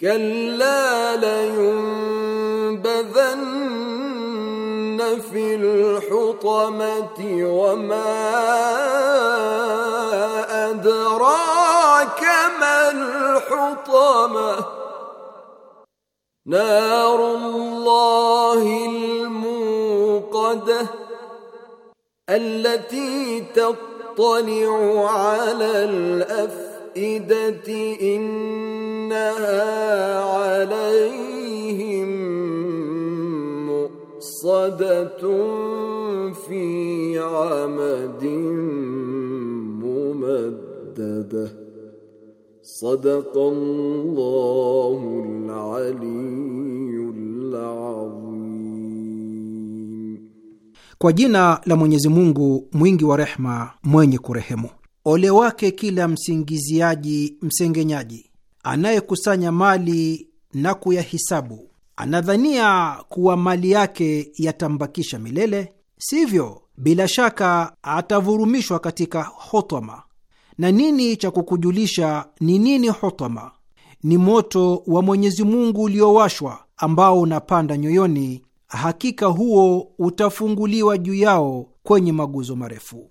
كلا لينبذن في الحطمة وما أدراك ما الحطمة نار الله الموقدة التي تطلع على الأفئدة إن Kwa jina la Mwenyezi Mungu mwingi wa rehma mwenye kurehemu. Ole wake kila msingiziaji msengenyaji anayekusanya mali na kuyahisabu, anadhania kuwa mali yake yatambakisha milele. Sivyo, bila shaka atavurumishwa katika hotama. Na nini cha kukujulisha ni nini hotama? Ni moto wa Mwenyezi Mungu uliowashwa ambao unapanda nyoyoni, hakika huo utafunguliwa juu yao kwenye maguzo marefu.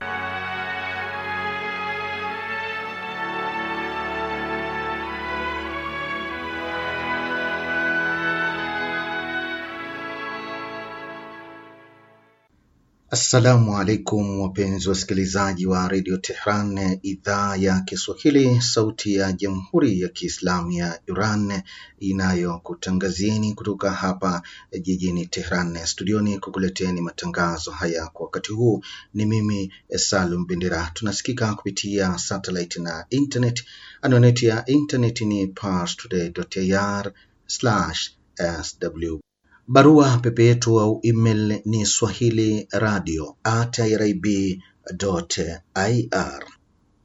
Assalamu alaikum wapenzi wasikilizaji wa redio Tehran, idhaa ya Kiswahili, sauti ya jamhuri ya kiislamu ya Iran inayokutangazieni kutoka hapa jijini Tehran studioni kukuleteni matangazo haya kwa wakati huu. Ni mimi Salum Bendera. Tunasikika kupitia satellite na internet. Anwani ya internet ni parstoday.ir/sw Barua pepe yetu au email ni swahili radio at irib.ir.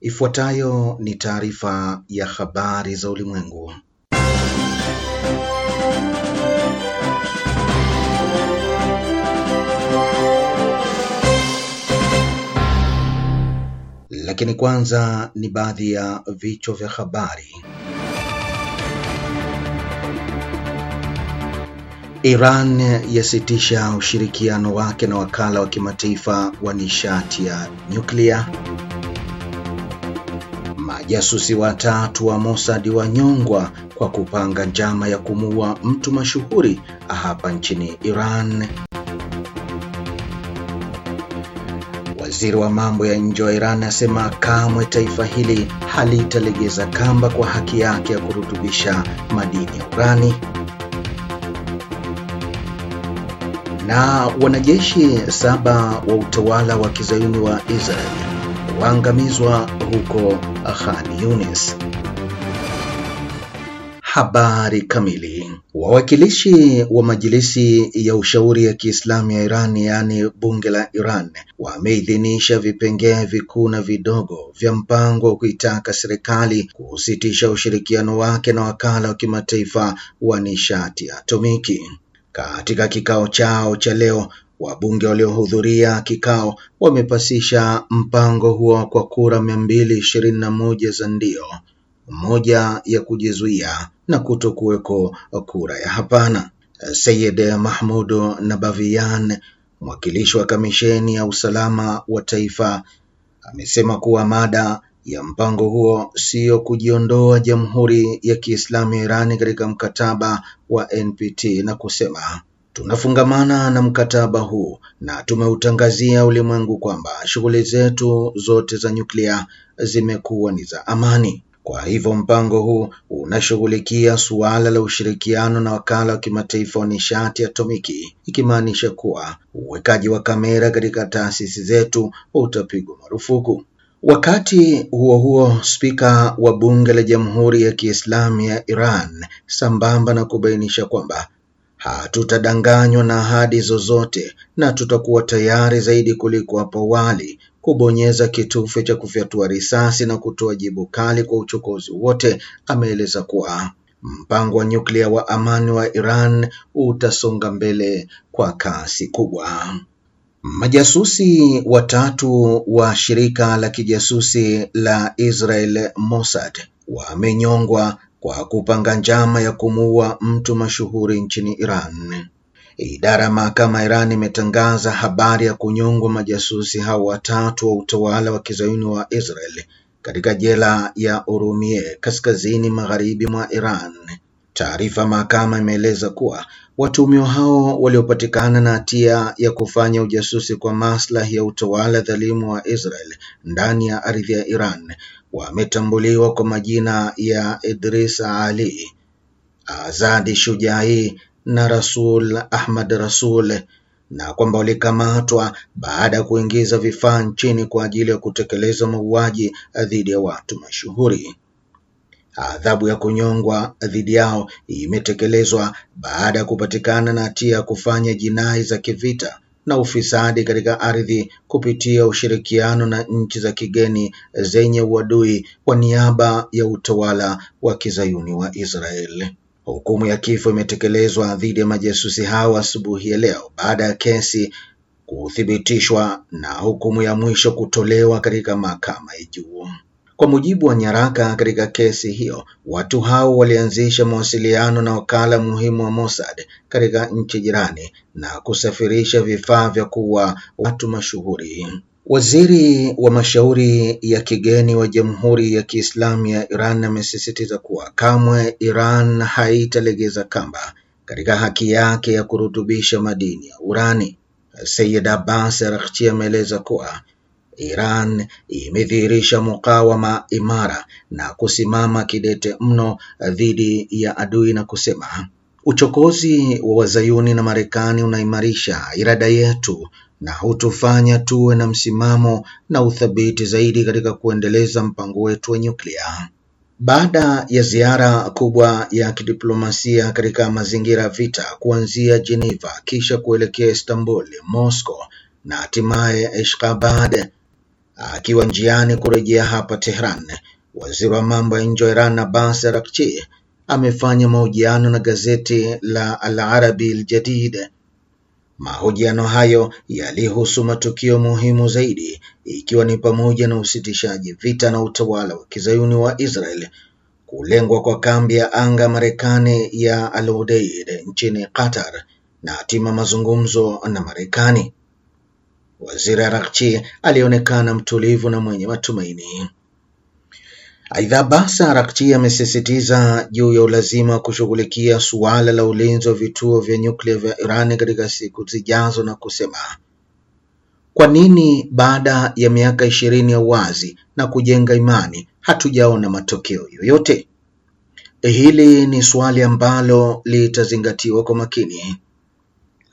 Ifuatayo ni taarifa ya habari za ulimwengu, lakini kwanza ni baadhi ya vichwa vya habari. Iran yasitisha ushirikiano wake na wakala wa kimataifa wa nishati ya nyuklia. Majasusi watatu wa Mossad wanyongwa kwa kupanga njama ya kumuua mtu mashuhuri hapa nchini Iran. Waziri wa mambo ya nje wa Iran asema kamwe taifa hili halitalegeza kamba kwa haki yake ya kurutubisha madini ya urani. na wanajeshi saba wa utawala wa kizayuni wa Israel waangamizwa huko Khan Yunis. Habari kamili. Wawakilishi wa majilisi ya ushauri ya Kiislamu ya Iran, yaani bunge la Iran, wameidhinisha vipengee vikuu na vidogo vya mpango wa kuitaka serikali kusitisha ushirikiano wake na wakala wa kimataifa wa nishati atomiki. Katika kikao chao cha leo, wabunge waliohudhuria kikao wamepasisha mpango huo kwa kura mia mbili ishirini na moja za ndio, moja ya kujizuia na kutokuweko kura ya hapana. Sayid Mahmud Nabavian, mwakilishi wa kamisheni ya usalama wa taifa, amesema kuwa mada ya mpango huo siyo kujiondoa Jamhuri ya Kiislamu ya Irani katika mkataba wa NPT na kusema tunafungamana na mkataba huu na tumeutangazia ulimwengu kwamba shughuli zetu zote za nyuklia zimekuwa ni za amani. Kwa hivyo mpango huu unashughulikia suala la ushirikiano na wakala wa kimataifa wa nishati atomiki, ikimaanisha kuwa uwekaji wa kamera katika taasisi zetu utapigwa marufuku. Wakati huo huo, spika wa bunge la Jamhuri ya Kiislamu ya Iran, sambamba na kubainisha kwamba hatutadanganywa na ahadi zozote na tutakuwa tayari zaidi kuliko hapo awali kubonyeza kitufe cha kufyatua risasi na kutoa jibu kali kwa uchokozi wote, ameeleza kuwa mpango wa nyuklia wa amani wa Iran utasonga mbele kwa kasi kubwa. Majasusi watatu wa shirika la kijasusi la Israel Mossad wamenyongwa kwa kupanga njama ya kumuua mtu mashuhuri nchini Iran. Idara ya mahakama Iran imetangaza habari ya kunyongwa majasusi hao watatu wa utawala wa kizayuni wa Israel katika jela ya Urumie kaskazini magharibi mwa Iran. Taarifa mahakama imeeleza kuwa watuhumiwa hao waliopatikana na hatia ya kufanya ujasusi kwa maslahi ya utawala dhalimu wa Israel ndani ya ardhi ya Iran wametambuliwa kwa majina ya Idrisa Ali, Azadi Shujai na Rasul Ahmad Rasul na kwamba walikamatwa baada ya kuingiza vifaa nchini kwa ajili ya kutekeleza mauaji dhidi ya watu mashuhuri. Adhabu ya kunyongwa dhidi yao imetekelezwa baada ya kupatikana na hatia ya kufanya jinai za kivita na ufisadi katika ardhi kupitia ushirikiano na nchi za kigeni zenye uadui kwa niaba ya utawala wa kizayuni wa Israeli. Hukumu ya kifo imetekelezwa dhidi ya majasusi hao asubuhi ya leo baada ya kesi kuthibitishwa na hukumu ya mwisho kutolewa katika mahakama ya juu. Kwa mujibu wa nyaraka katika kesi hiyo, watu hao walianzisha mawasiliano na wakala muhimu wa Mossad katika nchi jirani na kusafirisha vifaa vya kuua watu mashuhuri. Waziri wa mashauri ya kigeni wa Jamhuri ya Kiislamu ya Iran amesisitiza kuwa kamwe Iran haitalegeza kamba katika haki yake ya kurutubisha madini ya urani. Sayyid Abbas Araghchi ameeleza kuwa Iran imedhihirisha mukawama imara na kusimama kidete mno dhidi ya adui na kusema uchokozi wa wazayuni na Marekani unaimarisha irada yetu na hutufanya tuwe na msimamo na uthabiti zaidi katika kuendeleza mpango wetu wa nyuklia. Baada ya ziara kubwa ya kidiplomasia katika mazingira ya vita kuanzia Geneva kisha kuelekea Istanbul, Moscow na hatimaye Ashgabad, Akiwa njiani kurejea hapa Tehran, waziri wa mambo ya nje wa Iran Abbas Araghchi amefanya mahojiano na gazeti la Al Arabi Al Jadid. Mahojiano hayo yalihusu matukio muhimu zaidi, ikiwa ni pamoja na usitishaji vita na utawala wa kizayuni wa Israel, kulengwa kwa kambi ya anga Marekani ya Al Udeid nchini Qatar na hatima mazungumzo na Marekani. Waziri arakchi alionekana mtulivu na mwenye matumaini. Aidha, Abbas Araghchi amesisitiza juu ya ulazima wa kushughulikia suala la ulinzi wa vituo vya nyuklia vya Iran katika siku zijazo na kusema, kwa nini baada ya miaka ishirini ya uwazi na kujenga imani hatujaona matokeo yoyote? Hili ni swali ambalo litazingatiwa kwa makini.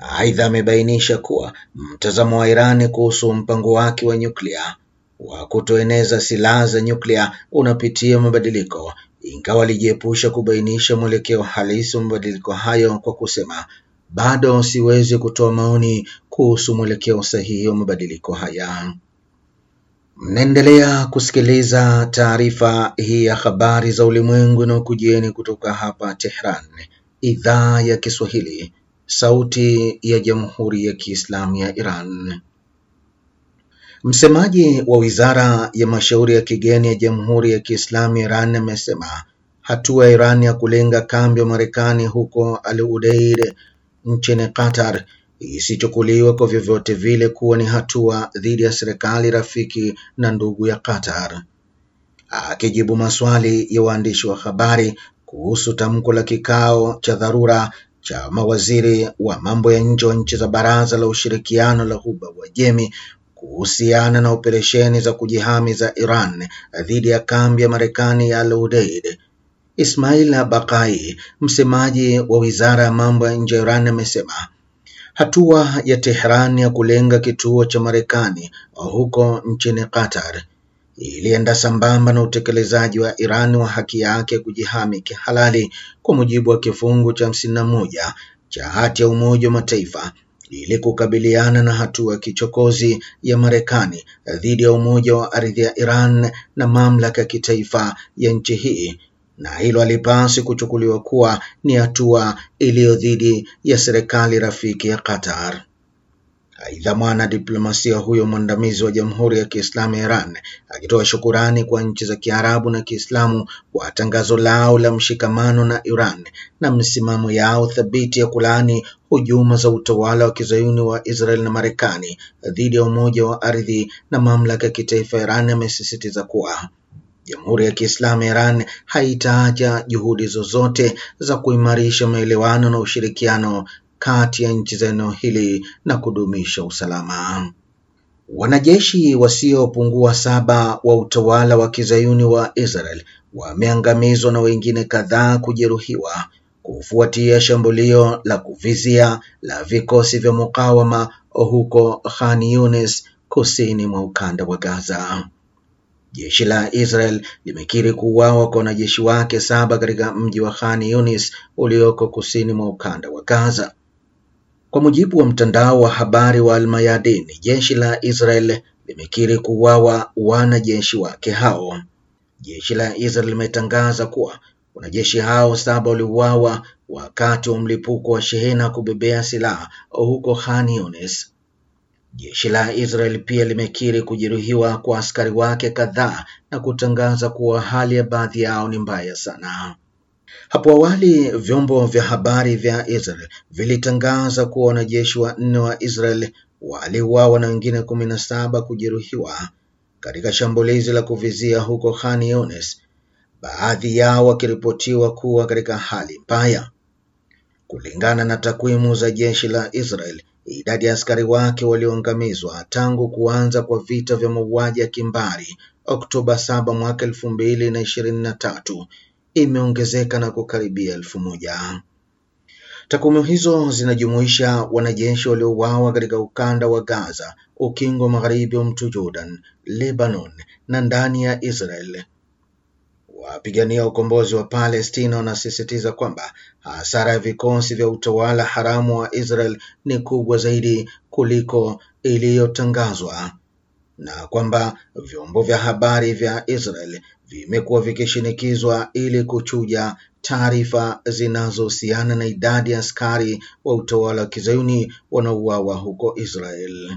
Aidha, amebainisha kuwa mtazamo wa Irani kuhusu mpango wake wa nyuklia wa kutoeneza silaha za nyuklia unapitia mabadiliko, ingawa alijiepusha kubainisha mwelekeo halisi wa mabadiliko hayo kwa kusema, bado siwezi kutoa maoni kuhusu mwelekeo sahihi wa mabadiliko haya. Mnaendelea kusikiliza taarifa hii ya habari za ulimwengu na ukujieni kutoka hapa Tehran, idhaa ya Kiswahili, Sauti ya Jamhuri ya Kiislamu ya Iran. Msemaji wa Wizara ya Mashauri ya Kigeni ya Jamhuri ya Kiislamu ya Iran amesema hatua ya Iran ya kulenga kambi ya Marekani huko Al Udeid nchini Qatar isichukuliwe kwa vyovyote vile kuwa ni hatua dhidi ya serikali rafiki na ndugu ya Qatar. Akijibu maswali ya waandishi wa habari kuhusu tamko la kikao cha dharura cha mawaziri wa mambo ya nje wa nchi za Baraza la Ushirikiano la Ghuba ya Uajemi kuhusiana na operesheni za kujihami za Iran dhidi ya kambi ya Marekani ya Al Udeid. Ismail Bakai, msemaji wa Wizara ya Mambo ya Nje ya Iran, amesema hatua ya Tehran ya kulenga kituo cha Marekani huko nchini Qatar ilienda sambamba na utekelezaji wa Iran wa haki yake kujihami kihalali kwa mujibu wa kifungu cha hamsini na moja cha hati ya Umoja wa Mataifa ili kukabiliana na hatua ya kichokozi ya Marekani dhidi ya umoja wa ardhi ya Iran na mamlaka ya kitaifa ya nchi hii, na hilo alipasi kuchukuliwa kuwa ni hatua iliyo dhidi ya serikali rafiki ya Qatar. Aidha, mwanadiplomasia huyo mwandamizi wa Jamhuri ya Kiislamu ya Iran akitoa shukurani kwa nchi za Kiarabu na Kiislamu kwa tangazo lao la mshikamano na Iran na msimamo yao thabiti ya kulaani hujuma za utawala wa kizayuni wa Israel na Marekani dhidi ya umoja wa ardhi na mamlaka ya kitaifa ya Iran, amesisitiza kuwa Jamhuri ya Kiislamu ya Iran haitaacha juhudi zozote za kuimarisha maelewano na ushirikiano kati ya nchi za eneo hili na kudumisha usalama. Wanajeshi wasiopungua saba wa utawala wa kizayuni wa Israel wameangamizwa na wengine kadhaa kujeruhiwa kufuatia shambulio la kuvizia la vikosi vya mukawama huko Khan Yunis kusini mwa ukanda wa Gaza. Jeshi la Israel limekiri kuuawa kwa wanajeshi wake saba katika mji wa Khan Yunis ulioko kusini mwa ukanda wa Gaza. Kwa mujibu wa mtandao wa habari wa Al-Mayadin, jeshi la Israel limekiri kuuawa wanajeshi wake hao. Jeshi la Israel limetangaza kuwa wanajeshi hao saba waliuawa wakati wa mlipuko wa shehena kubebea silaha huko Khan Yunis. Jeshi la Israel pia limekiri kujeruhiwa kwa askari wake kadhaa na kutangaza kuwa hali ya baadhi yao ni mbaya sana. Hapo awali vyombo vya habari vya Israel vilitangaza kuwa wanajeshi wanne wa Israel waliuawa na wengine kumi na saba kujeruhiwa katika shambulizi la kuvizia huko Khan Younis, baadhi yao wakiripotiwa kuwa katika hali mbaya. Kulingana na takwimu za jeshi la Israel, idadi ya askari wake walioangamizwa tangu kuanza kwa vita vya mauaji ya kimbari Oktoba 7 mwaka elfu mbili na ishirini na tatu imeongezeka na kukaribia elfu moja. Takwimu hizo zinajumuisha wanajeshi waliouawa katika ukanda wa Gaza, ukingo magharibi wa mto Jordan, Lebanon na ndani ya Israel. Wapigania ukombozi wa Palestina wanasisitiza kwamba hasara ya vikosi vya utawala haramu wa Israel ni kubwa zaidi kuliko iliyotangazwa na kwamba vyombo vya habari vya Israel vimekuwa vikishinikizwa ili kuchuja taarifa zinazohusiana na idadi ya askari wa utawala wa kizayuni wanaouawa huko Israel.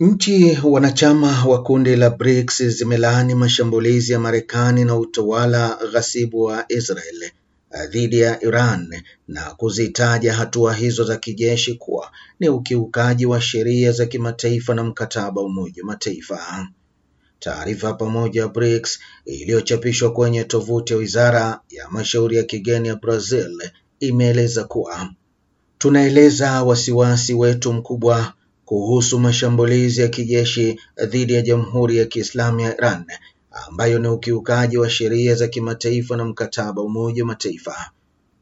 Nchi wanachama wa kundi la BRICS zimelaani mashambulizi ya Marekani na utawala ghasibu wa Israel dhidi ya Iran na kuzitaja hatua hizo za kijeshi kuwa ni ukiukaji wa sheria za kimataifa na mkataba wa Umoja wa Mataifa. Taarifa pamoja BRICS iliyochapishwa kwenye tovuti ya Wizara ya Mashauri ya Kigeni ya Brazil imeeleza kuwa tunaeleza wasiwasi wetu mkubwa kuhusu mashambulizi ya kijeshi dhidi ya Jamhuri ya Kiislamu ya Iran ambayo ni ukiukaji wa sheria za kimataifa na mkataba wa Umoja wa Mataifa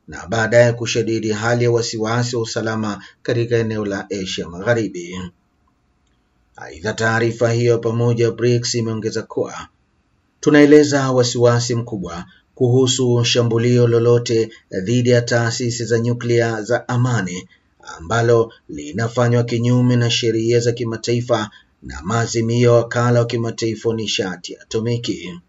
na baadaye kushadidi hali ya wasiwasi wa usalama katika eneo la Asia Magharibi. Aidha, taarifa hiyo pamoja BRICS imeongeza kuwa tunaeleza wasiwasi mkubwa kuhusu shambulio lolote dhidi ya taasisi za nyuklia za amani ambalo linafanywa kinyume na sheria za kimataifa na maazimio ya wakala wa kimataifa nishati atomiki.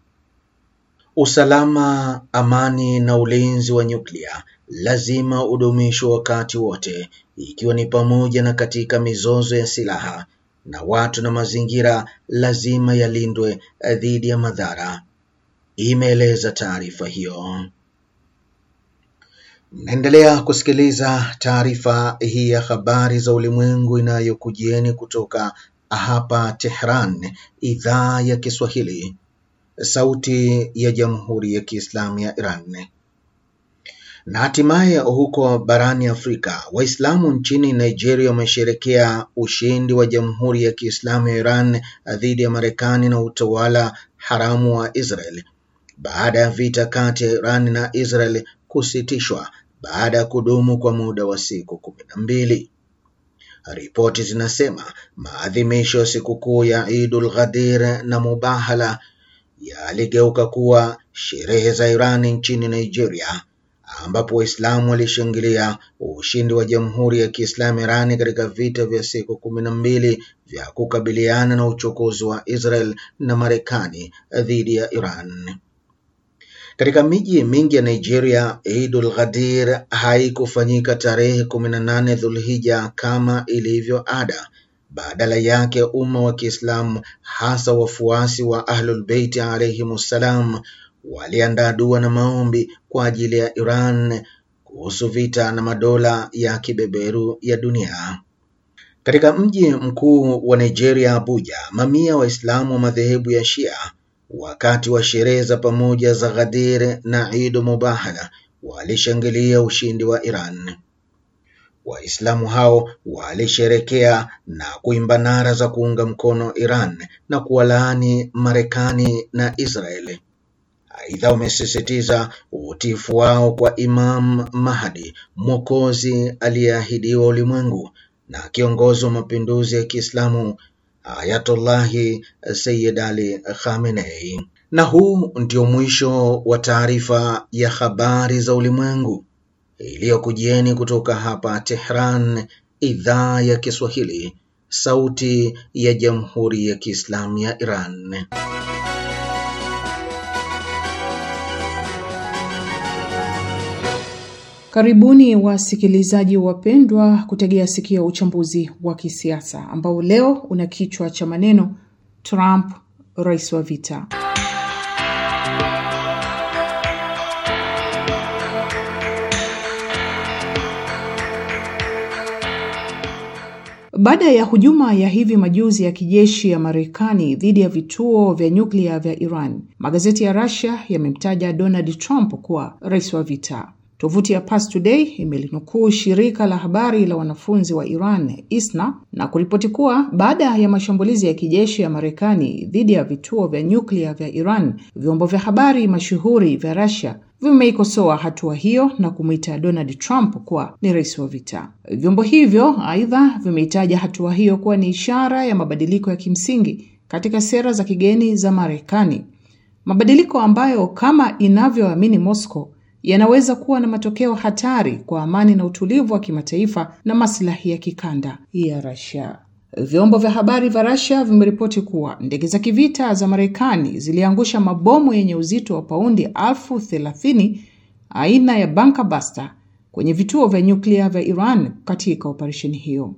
Usalama, amani na ulinzi wa nyuklia lazima udumishwe wakati wote, ikiwa ni pamoja na katika mizozo ya silaha na watu na mazingira lazima yalindwe eh, dhidi ya madhara, imeeleza taarifa hiyo. Mnaendelea kusikiliza taarifa hii ya habari za ulimwengu inayokujieni kutoka hapa Tehran, idhaa ya Kiswahili, sauti ya Jamhuri ya Kiislamu ya Iran. Na hatimaye huko barani Afrika, Waislamu nchini Nigeria wamesherekea ushindi wa Jamhuri ya Kiislamu ya Iran dhidi ya Marekani na utawala haramu wa Israel baada ya vita kati ya Iran na Israel kusitishwa baada ya kudumu kwa muda wa siku kumi na mbili. Ripoti zinasema maadhimisho ya sikukuu ya Idul Ghadir na Mubahala yaligeuka kuwa sherehe za Irani nchini Nigeria ambapo Waislamu walishangilia ushindi wa Jamhuri ya Kiislamu Irani katika vita vya siku kumi na mbili vya kukabiliana na uchokozi wa Israel na Marekani dhidi ya Iran. Katika miji mingi ya Nigeria, Idul Ghadir haikufanyika tarehe kumi na nane Dhulhija kama ilivyo ada. Badala yake umma wa Kiislamu hasa wafuasi wa Ahlulbeiti alaihimussalam waliandaa dua na maombi kwa ajili ya Iran kuhusu vita na madola ya kibeberu ya dunia. Katika mji mkuu wa Nigeria, Abuja, mamia Waislamu wa madhehebu ya Shia wakati wa sherehe za pamoja za Ghadir na Eid Mubahala walishangilia ushindi wa Iran. Waislamu hao walisherekea na kuimba nara za kuunga mkono Iran na kuwalaani Marekani na Israeli. Aidha wamesisitiza utifu wao kwa Imam Mahdi mwokozi aliyeahidiwa ulimwengu na kiongozi wa mapinduzi ya Kiislamu Ayatullahi Sayyid Ali Khamenei. Na huu ndio mwisho wa taarifa ya habari za ulimwengu iliyokujieni kutoka hapa Tehran, idhaa ya Kiswahili, sauti ya Jamhuri ya Kiislamu ya Iran. Karibuni wasikilizaji wapendwa, kutegea sikio uchambuzi wa kisiasa ambao leo una kichwa cha maneno Trump, rais wa vita. Baada ya hujuma ya hivi majuzi ya kijeshi ya Marekani dhidi ya vituo vya nyuklia vya Iran, magazeti ya Russia yamemtaja Donald Trump kuwa rais wa vita. Tovuti ya Pars Today imelinukuu shirika la habari la wanafunzi wa Iran ISNA na kuripoti kuwa baada ya mashambulizi ya kijeshi ya Marekani dhidi ya vituo vya nyuklia vya Iran, vyombo vya habari mashuhuri vya Russia vimeikosoa hatua hiyo na kumwita Donald Trump kuwa ni rais wa vita. Vyombo hivyo aidha vimeitaja hatua hiyo kuwa ni ishara ya mabadiliko ya kimsingi katika sera za kigeni za Marekani, mabadiliko ambayo kama inavyoamini Moscow yanaweza kuwa na matokeo hatari kwa amani na utulivu wa kimataifa na maslahi ya kikanda ya rasia Vyombo vya habari vya Rasia vimeripoti kuwa ndege za kivita za Marekani ziliangusha mabomu yenye uzito wa paundi elfu thelathini aina ya bunker buster kwenye vituo vya nyuklia vya Iran katika operesheni hiyo.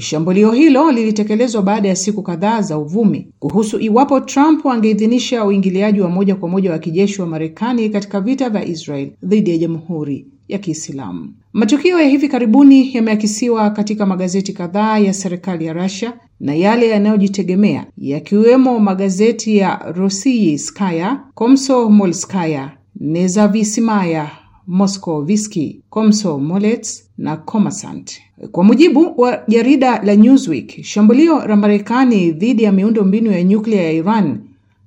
Shambulio hilo lilitekelezwa baada ya siku kadhaa za uvumi kuhusu iwapo Trump angeidhinisha uingiliaji wa moja kwa moja wa kijeshi wa Marekani katika vita vya Israel dhidi ya Jamhuri ya Kiislamu. Matukio ya hivi karibuni yameakisiwa katika magazeti kadhaa ya serikali ya Russia na yale yanayojitegemea yakiwemo magazeti ya Rossiyskaya, Komsomolskaya, Nezavisimaya Moscow Viski, Komso Molets na Komasant. Kwa mujibu wa jarida la Newsweek, shambulio la Marekani dhidi ya miundo mbinu ya nyuklia ya Iran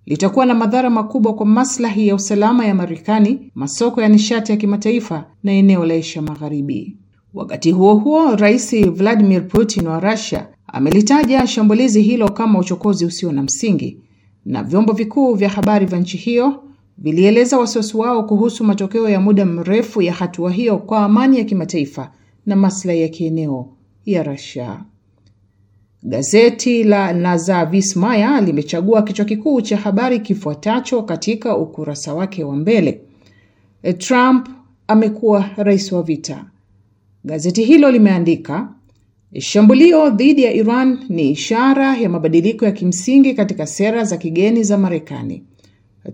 litakuwa na madhara makubwa kwa maslahi ya usalama ya Marekani, masoko ya nishati ya kimataifa na eneo la Asia Magharibi. Wakati huo huo, Rais Vladimir Putin wa Russia amelitaja shambulizi hilo kama uchokozi usio na msingi, na vyombo vikuu vya habari vya nchi hiyo vilieleza wasiwasi wao kuhusu matokeo ya muda mrefu ya hatua hiyo kwa amani ya kimataifa na maslahi ya kieneo ya Russia. Gazeti la naza Vismaya limechagua kichwa kikuu cha habari kifuatacho katika ukurasa wake wa mbele: e, Trump amekuwa rais wa vita. Gazeti hilo limeandika e, shambulio dhidi ya Iran ni ishara ya mabadiliko ya kimsingi katika sera za kigeni za Marekani.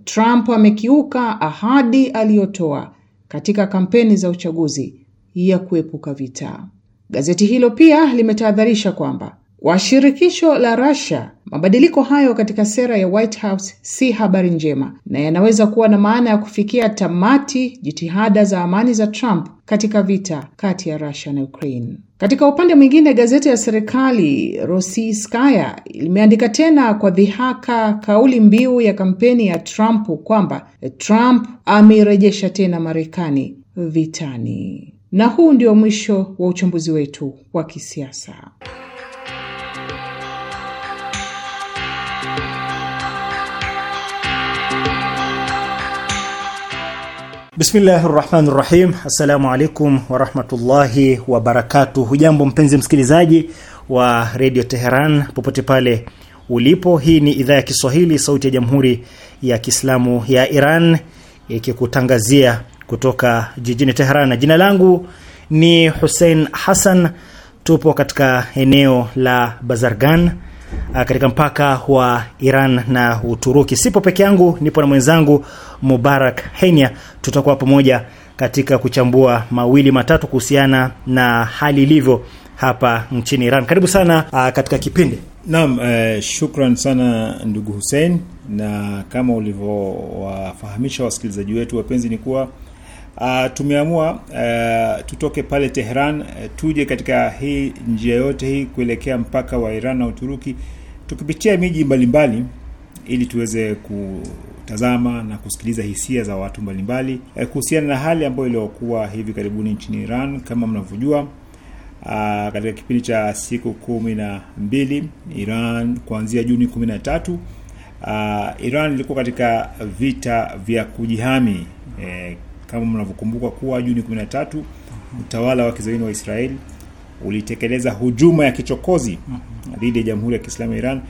Trump amekiuka ahadi aliyotoa katika kampeni za uchaguzi ya kuepuka vita. Gazeti hilo pia limetahadharisha kwamba kwa shirikisho la Russia, mabadiliko hayo katika sera ya White House si habari njema na yanaweza kuwa na maana ya kufikia tamati jitihada za amani za Trump katika vita kati ya Russia na Ukraine. Katika upande mwingine, gazeti ya serikali Rossiyskaya limeandika tena kwa dhihaka kauli mbiu ya kampeni ya Trump kwamba Trump ameirejesha tena Marekani vitani. Na huu ndio mwisho wa uchambuzi wetu wa kisiasa. Bismillahi rahmani rahim. Assalamu alaikum warahmatullahi wabarakatuh. Hujambo mpenzi msikilizaji wa redio Teheran popote pale ulipo. Hii ni idhaa ya Kiswahili sauti ya jamhuri ya Kiislamu ya Iran ikikutangazia kutoka jijini Teheran. Jina langu ni Hussein Hassan, tupo katika eneo la Bazargan Ah, katika mpaka wa Iran na Uturuki. Sipo peke yangu, nipo na mwenzangu Mubarak Henya. Tutakuwa pamoja katika kuchambua mawili matatu kuhusiana na hali ilivyo hapa nchini Iran. Karibu sana ah, katika kipindi. Naam, Uh, shukran sana ndugu Hussein, na kama ulivyowafahamisha wasikilizaji wetu wapenzi ni kuwa uh, tumeamua uh, tutoke pale Tehran uh, eh, tuje katika hii njia yote hii kuelekea mpaka wa Iran na Uturuki tukipitia miji mbalimbali ili tuweze kutazama na kusikiliza hisia za watu mbalimbali uh, kuhusiana na hali ambayo iliyokuwa hivi karibuni nchini Iran kama mnavyojua. Ah, katika kipindi cha siku kumi na mbili Iran kuanzia Juni kumi na tatu ah, Iran ilikuwa katika vita vya kujihami e, kama mnavyokumbuka kuwa Juni 13 utawala wa kizaini wa Israeli ulitekeleza hujuma ya kichokozi dhidi ya Jamhuri ya Kiislamu ya Iran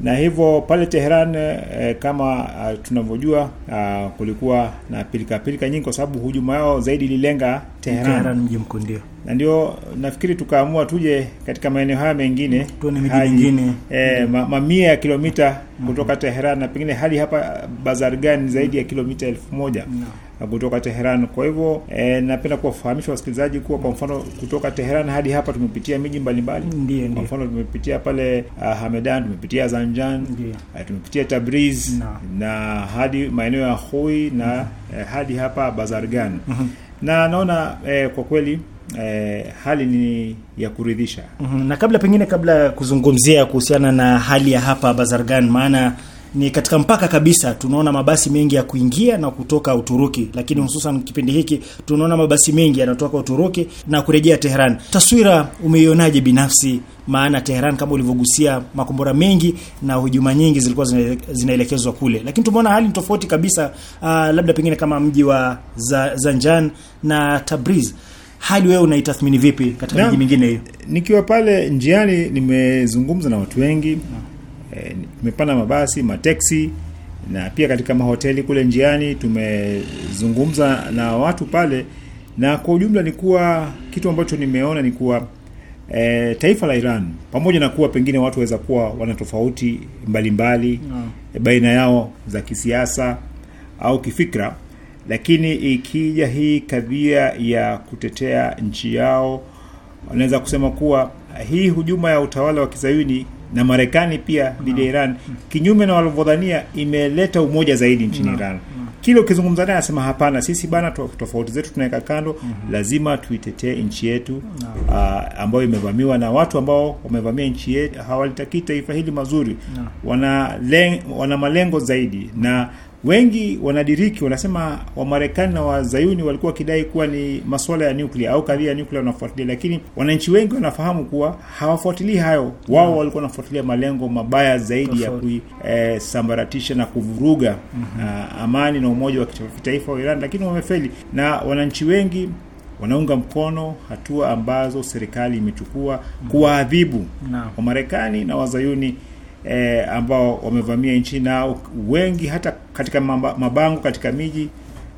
na hivyo pale Teheran e, kama eh, tunavyojua ah, kulikuwa na pilika pilika nyingi, kwa sababu hujuma yao zaidi ililenga Teheran, Teheran mji mkuu, ndio na ndio nafikiri tukaamua tuje katika maeneo haya mengine tuone miji mingine e, eh, mamia ya kilomita mm-hmm. kutoka Teheran na pengine hadi hapa Bazargan zaidi ya kilomita elfu moja no. Mm-hmm kutoka Teheran. Kwa hivyo e, napenda kuwafahamisha wasikilizaji kuwa kwa mfano kutoka Teheran hadi hapa tumepitia miji mbalimbali. Kwa mfano tumepitia pale uh, Hamedan, tumepitia Zanjan, uh, tumepitia Tabriz na, na hadi maeneo ya hui na uh, hadi hapa Bazargan mhm. na naona eh, kwa kweli Eh, hali ni ya kuridhisha. mm -hmm. Na kabla pengine, kabla ya kuzungumzia kuhusiana na hali ya hapa Bazargan, maana ni katika mpaka kabisa, tunaona mabasi mengi ya kuingia na kutoka Uturuki, lakini hususan kipindi hiki tunaona mabasi mengi yanatoka Uturuki na kurejea Tehran. Taswira umeionaje binafsi? Maana Tehran kama ulivyogusia, makombora mengi na hujuma nyingi zilikuwa zinaelekezwa kule, lakini tumeona hali tofauti kabisa. Uh, labda pengine kama mji wa za, Zanjan na Tabriz hali wewe unaitathmini vipi katika miji mingine hiyo? Nikiwa pale njiani nimezungumza na watu wengi na Eh, tumepanda mabasi, mateksi na pia katika mahoteli kule njiani. Tumezungumza na watu pale, na kwa ujumla ni kuwa kitu ambacho nimeona ni kuwa e, taifa la Iran pamoja na kuwa pengine watu waweza kuwa wana tofauti mbalimbali no. e, baina yao za kisiasa au kifikra, lakini ikija hii kadhia ya kutetea nchi yao, wanaweza kusema kuwa hii hujuma ya utawala wa kizayuni na Marekani pia dhidi ya mm. Iran, kinyume na walivyodhania, imeleta umoja zaidi nchini no. Mm. Iran mm. kile ukizungumza naye anasema hapana, sisi bana, tofauti zetu tunaweka kando mm -hmm. lazima tuitetee nchi yetu no. uh, ah, ambayo imevamiwa na watu ambao wamevamia nchi yetu hawalitakii taifa hili mazuri no. wana, len, wana malengo zaidi na Wengi wanadiriki wanasema Wamarekani na Wazayuni walikuwa wakidai kuwa ni masuala ya nuklia au kadhia ya nuklia wanafuatilia, lakini wananchi wengi wanafahamu kuwa hawafuatilii hayo. Wao mm-hmm. walikuwa wanafuatilia malengo mabaya zaidi ya kuisambaratisha e, na kuvuruga mm -hmm. uh, amani na umoja wa kitaifa wa Iran, lakini wamefeli, na wananchi wengi wanaunga mkono hatua ambazo serikali imechukua mm-hmm. kuwaadhibu Wamarekani na Wazayuni e, ambao wamevamia nchi, na wengi hata katika mabango katika miji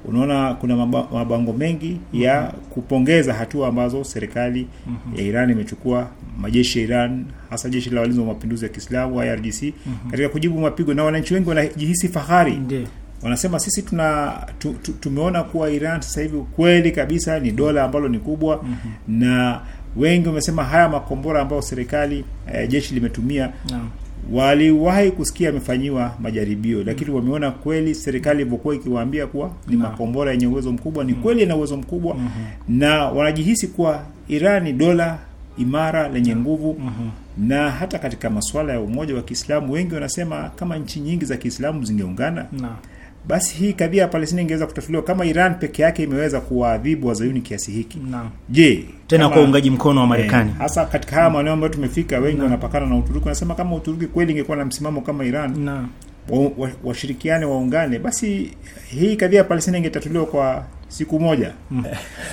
unaona kuna mabango mengi ya mm-hmm. kupongeza hatua ambazo serikali mm -hmm. ya Iran imechukua, majeshi ya Iran hasa jeshi la walinzi wa mapinduzi ya Kiislamu IRGC mm -hmm. katika kujibu mapigo, na wananchi wengi wanajihisi fahari Nde. wanasema sisi tuna tu, tu, tumeona kuwa Iran sasa hivi kweli kabisa ni dola ambalo ni kubwa mm -hmm. na wengi wamesema haya makombora ambayo serikali eh, jeshi limetumia no waliwahi kusikia amefanyiwa majaribio lakini mm. wameona kweli serikali ilivyokuwa ikiwaambia kuwa ni mm. makombora yenye uwezo mkubwa ni mm. kweli ina uwezo mkubwa mm -hmm. na wanajihisi kuwa Iran ni dola imara lenye mm. nguvu mm -hmm. na hata katika masuala ya umoja wa Kiislamu wengi wanasema kama nchi nyingi za Kiislamu zingeungana na basi hii kadhia ya Palestina ingeweza kutatuliwa kama Iran peke yake imeweza kuwaadhibu wazayuni kiasi hiki. Je, tena kwa uungaji mkono wa Marekani eh, hasa katika haya maeneo ambayo tumefika, wengi wanapakana na, Uturuki wanasema kama Uturuki kweli ingekuwa na msimamo kama Iran washirikiane wa, wa waungane, basi hii kadhia ya Palestina ingetatuliwa kwa siku moja mm.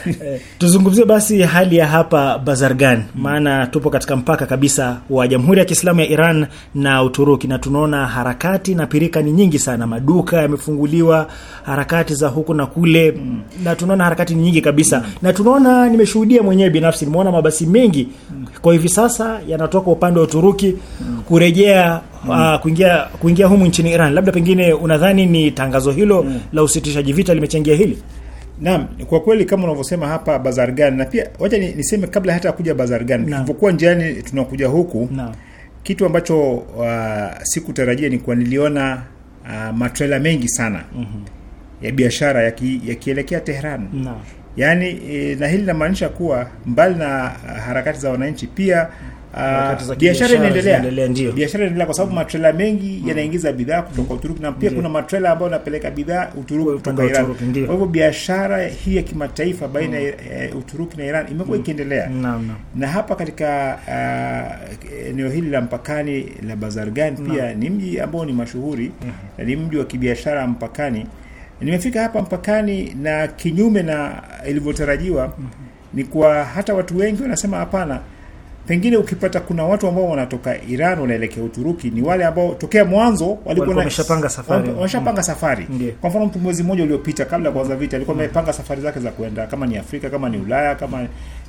Tuzungumzie basi hali ya hapa Bazargan, mm. maana mm. tupo katika mpaka kabisa wa Jamhuri ya Kiislamu ya Iran na Uturuki, na tunaona harakati na pirika ni nyingi sana, maduka yamefunguliwa, harakati za huku na kule mm. na tunaona harakati ni nyingi kabisa mm. na tunaona, nimeshuhudia mwenyewe binafsi, nimeona mabasi mengi mm. kwa hivi sasa yanatoka upande wa Uturuki mm. kurejea Mm. Uh, kuingia kuingia humu nchini Iran. Labda pengine unadhani ni tangazo hilo mm. la usitishaji vita limechangia hili? Naam, kwa kweli kama unavyosema hapa Bazargan, na pia wacha niseme kabla hata kuja Bazargan, tulipokuwa njiani tunakuja huku na, kitu ambacho uh, sikutarajia ni kuwa niliona uh, matrela mengi sana mm -hmm. ya biashara yakielekea ya Tehran na yani e, na hili linamaanisha kuwa mbali na uh, harakati za wananchi pia uh, biashara inaendelea, biashara inaendelea kwa sababu mm. matrela mengi mm. yanaingiza bidhaa kutoka mm. Uturuki na pia Ndiyo. kuna matrela ambayo yanapeleka bidhaa Uturuki kutoka Iran. Kwa hivyo biashara hii ya kimataifa baina mm. ya mm. Uturuki na Iran imekuwa mm. ikiendelea mm. no, no. na hapa katika uh, eneo uh, hili la mpakani la Bazargan pia no. ni mji ambao ni mashuhuri mm -hmm. ni mji wa kibiashara mpakani Nimefika hapa mpakani na kinyume na ilivyotarajiwa mm -hmm. ni kwa hata watu wengi wanasema hapana, pengine ukipata kuna watu ambao wanatoka Iran wanaelekea Uturuki ni wale ambao tokea mwanzo walikuwa wameshapanga safari, wameshapanga mm. safari. Kwa mfano mtu mwezi mmoja uliopita kabla ya kuanza vita alikuwa mm. amepanga safari zake za kuenda kama ni Afrika kama ni Ulaya kama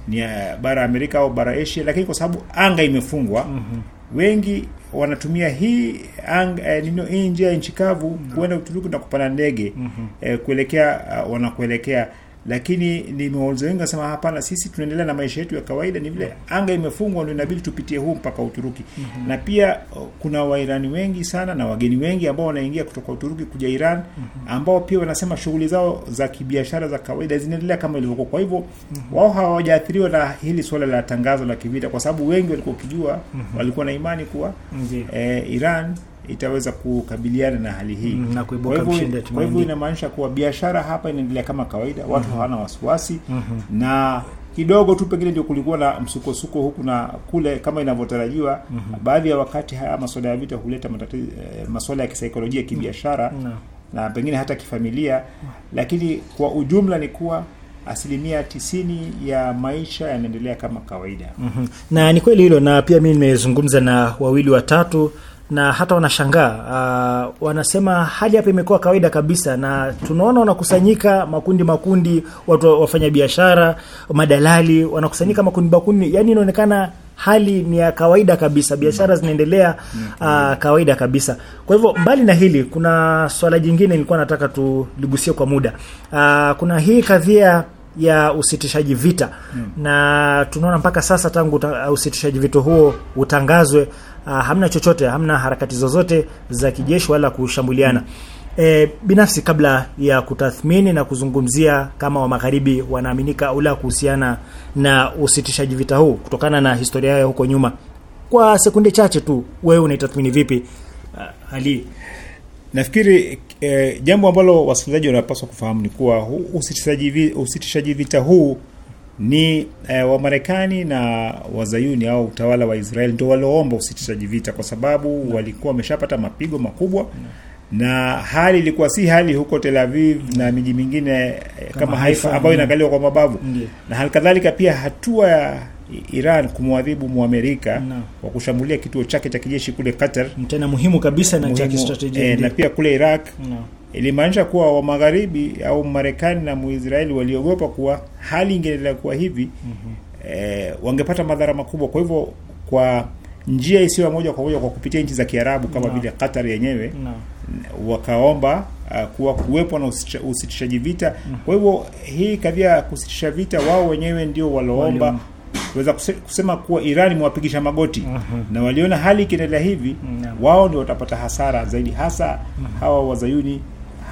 ni eh, bara Amerika au bara Asia, lakini kwa sababu anga imefungwa mm -hmm wengi wanatumia hii ang, eh, nino hii njia ya nchi kavu mm-hmm. kuenda Uturuki na kupanda ndege mm -hmm. eh, kuelekea uh, wanakuelekea lakini nimewauliza wengi wanasema hapana, sisi tunaendelea na maisha yetu ya kawaida. Ni vile anga imefungwa ndio inabidi tupitie huu mpaka Uturuki. mm -hmm. Na pia uh, kuna Wairani wengi sana na wageni wengi ambao wanaingia kutoka Uturuki kuja Iran, mm -hmm. ambao pia wanasema shughuli zao za kibiashara za kawaida zinaendelea kama ilivyokuwa. Kwa hivyo mm -hmm. wao hawajaathiriwa na hili suala la tangazo la kivita, kwa sababu wengi walikuwa wakijua, mm -hmm. walikuwa na imani kuwa mm -hmm. eh, Iran itaweza kukabiliana na hali hii mm, na kuibuka Kwa hivyo inamaanisha kuwa biashara hapa inaendelea kama kawaida, watu mm -hmm. hawana wasiwasi mm -hmm. na kidogo tu pengine ndio kulikuwa na msukosuko huku na kule kama inavyotarajiwa. mm -hmm. Baadhi ya wakati haya masuala ya vita huleta matatizo, eh, masuala ya kisaikolojia, kibiashara mm -hmm. na pengine hata kifamilia lakini kwa ujumla ni kuwa asilimia tisini ya maisha yanaendelea kama kawaida. mm -hmm. na ni kweli hilo, na pia mi nimezungumza na wawili watatu na hata wanashangaa uh, wanasema hali hapa imekuwa kawaida kabisa, na tunaona wanakusanyika makundi makundi, watu wafanya biashara, madalali wanakusanyika makundi makundi, yani inaonekana hali ni ya kawaida kabisa, biashara zinaendelea uh, kawaida kabisa. Kwa hivyo mbali na hili, kuna swala jingine nilikuwa nataka tuligusie kwa muda uh, kuna hii kadhia ya usitishaji vita hmm. Na tunaona mpaka sasa tangu usitishaji vita huo utangazwe uh, hamna chochote, hamna harakati zozote za kijeshi wala kushambuliana. E, binafsi kabla ya kutathmini na kuzungumzia kama wa magharibi wanaaminika ula kuhusiana na usitishaji vita huu kutokana na historia yao huko nyuma, kwa sekunde chache tu, wewe unaitathmini vipi hali? Ah, Nafikiri eh, jambo ambalo wasikilizaji wanapaswa kufahamu ni kuwa usitishaji vita huu ni e, eh, Wamarekani na Wazayuni au utawala wa Israel ndio walioomba usitishaji vita, kwa sababu walikuwa wameshapata mapigo makubwa na hali ilikuwa si hali huko Tel Aviv na miji mingine eh, kama, kama Haifa ambayo inakaliwa kwa mabavu mm. na halikadhalika pia hatua ya Iran kumwadhibu Mwamerika no. wa kushambulia kituo chake cha kijeshi kule Qatar, tena muhimu kabisa na cha kistratejia, e, na pia kule Iraq no ilimaanisha kuwa wa magharibi au Marekani na Muisraeli waliogopa kuwa hali ingeendelea kuwa hivi mm -hmm. e, wangepata madhara makubwa. Kwa hivyo kwa njia isiyo moja kwa moja kwa kupitia nchi za Kiarabu kama vile no. Qatar yenyewe no. wakaomba uh, kuwa kuwepo na usitishaji vita mm -hmm. Kwa hivyo hii kadhia kusitisha vita, wao wenyewe ndio walioomba Walium weza kusema kuwa Iran imewapigisha magoti uh mhm. -huh. na waliona hali ikiendelea hivi uh -huh. wao ndio watapata hasara zaidi hasa uh mhm. -huh. hawa wazayuni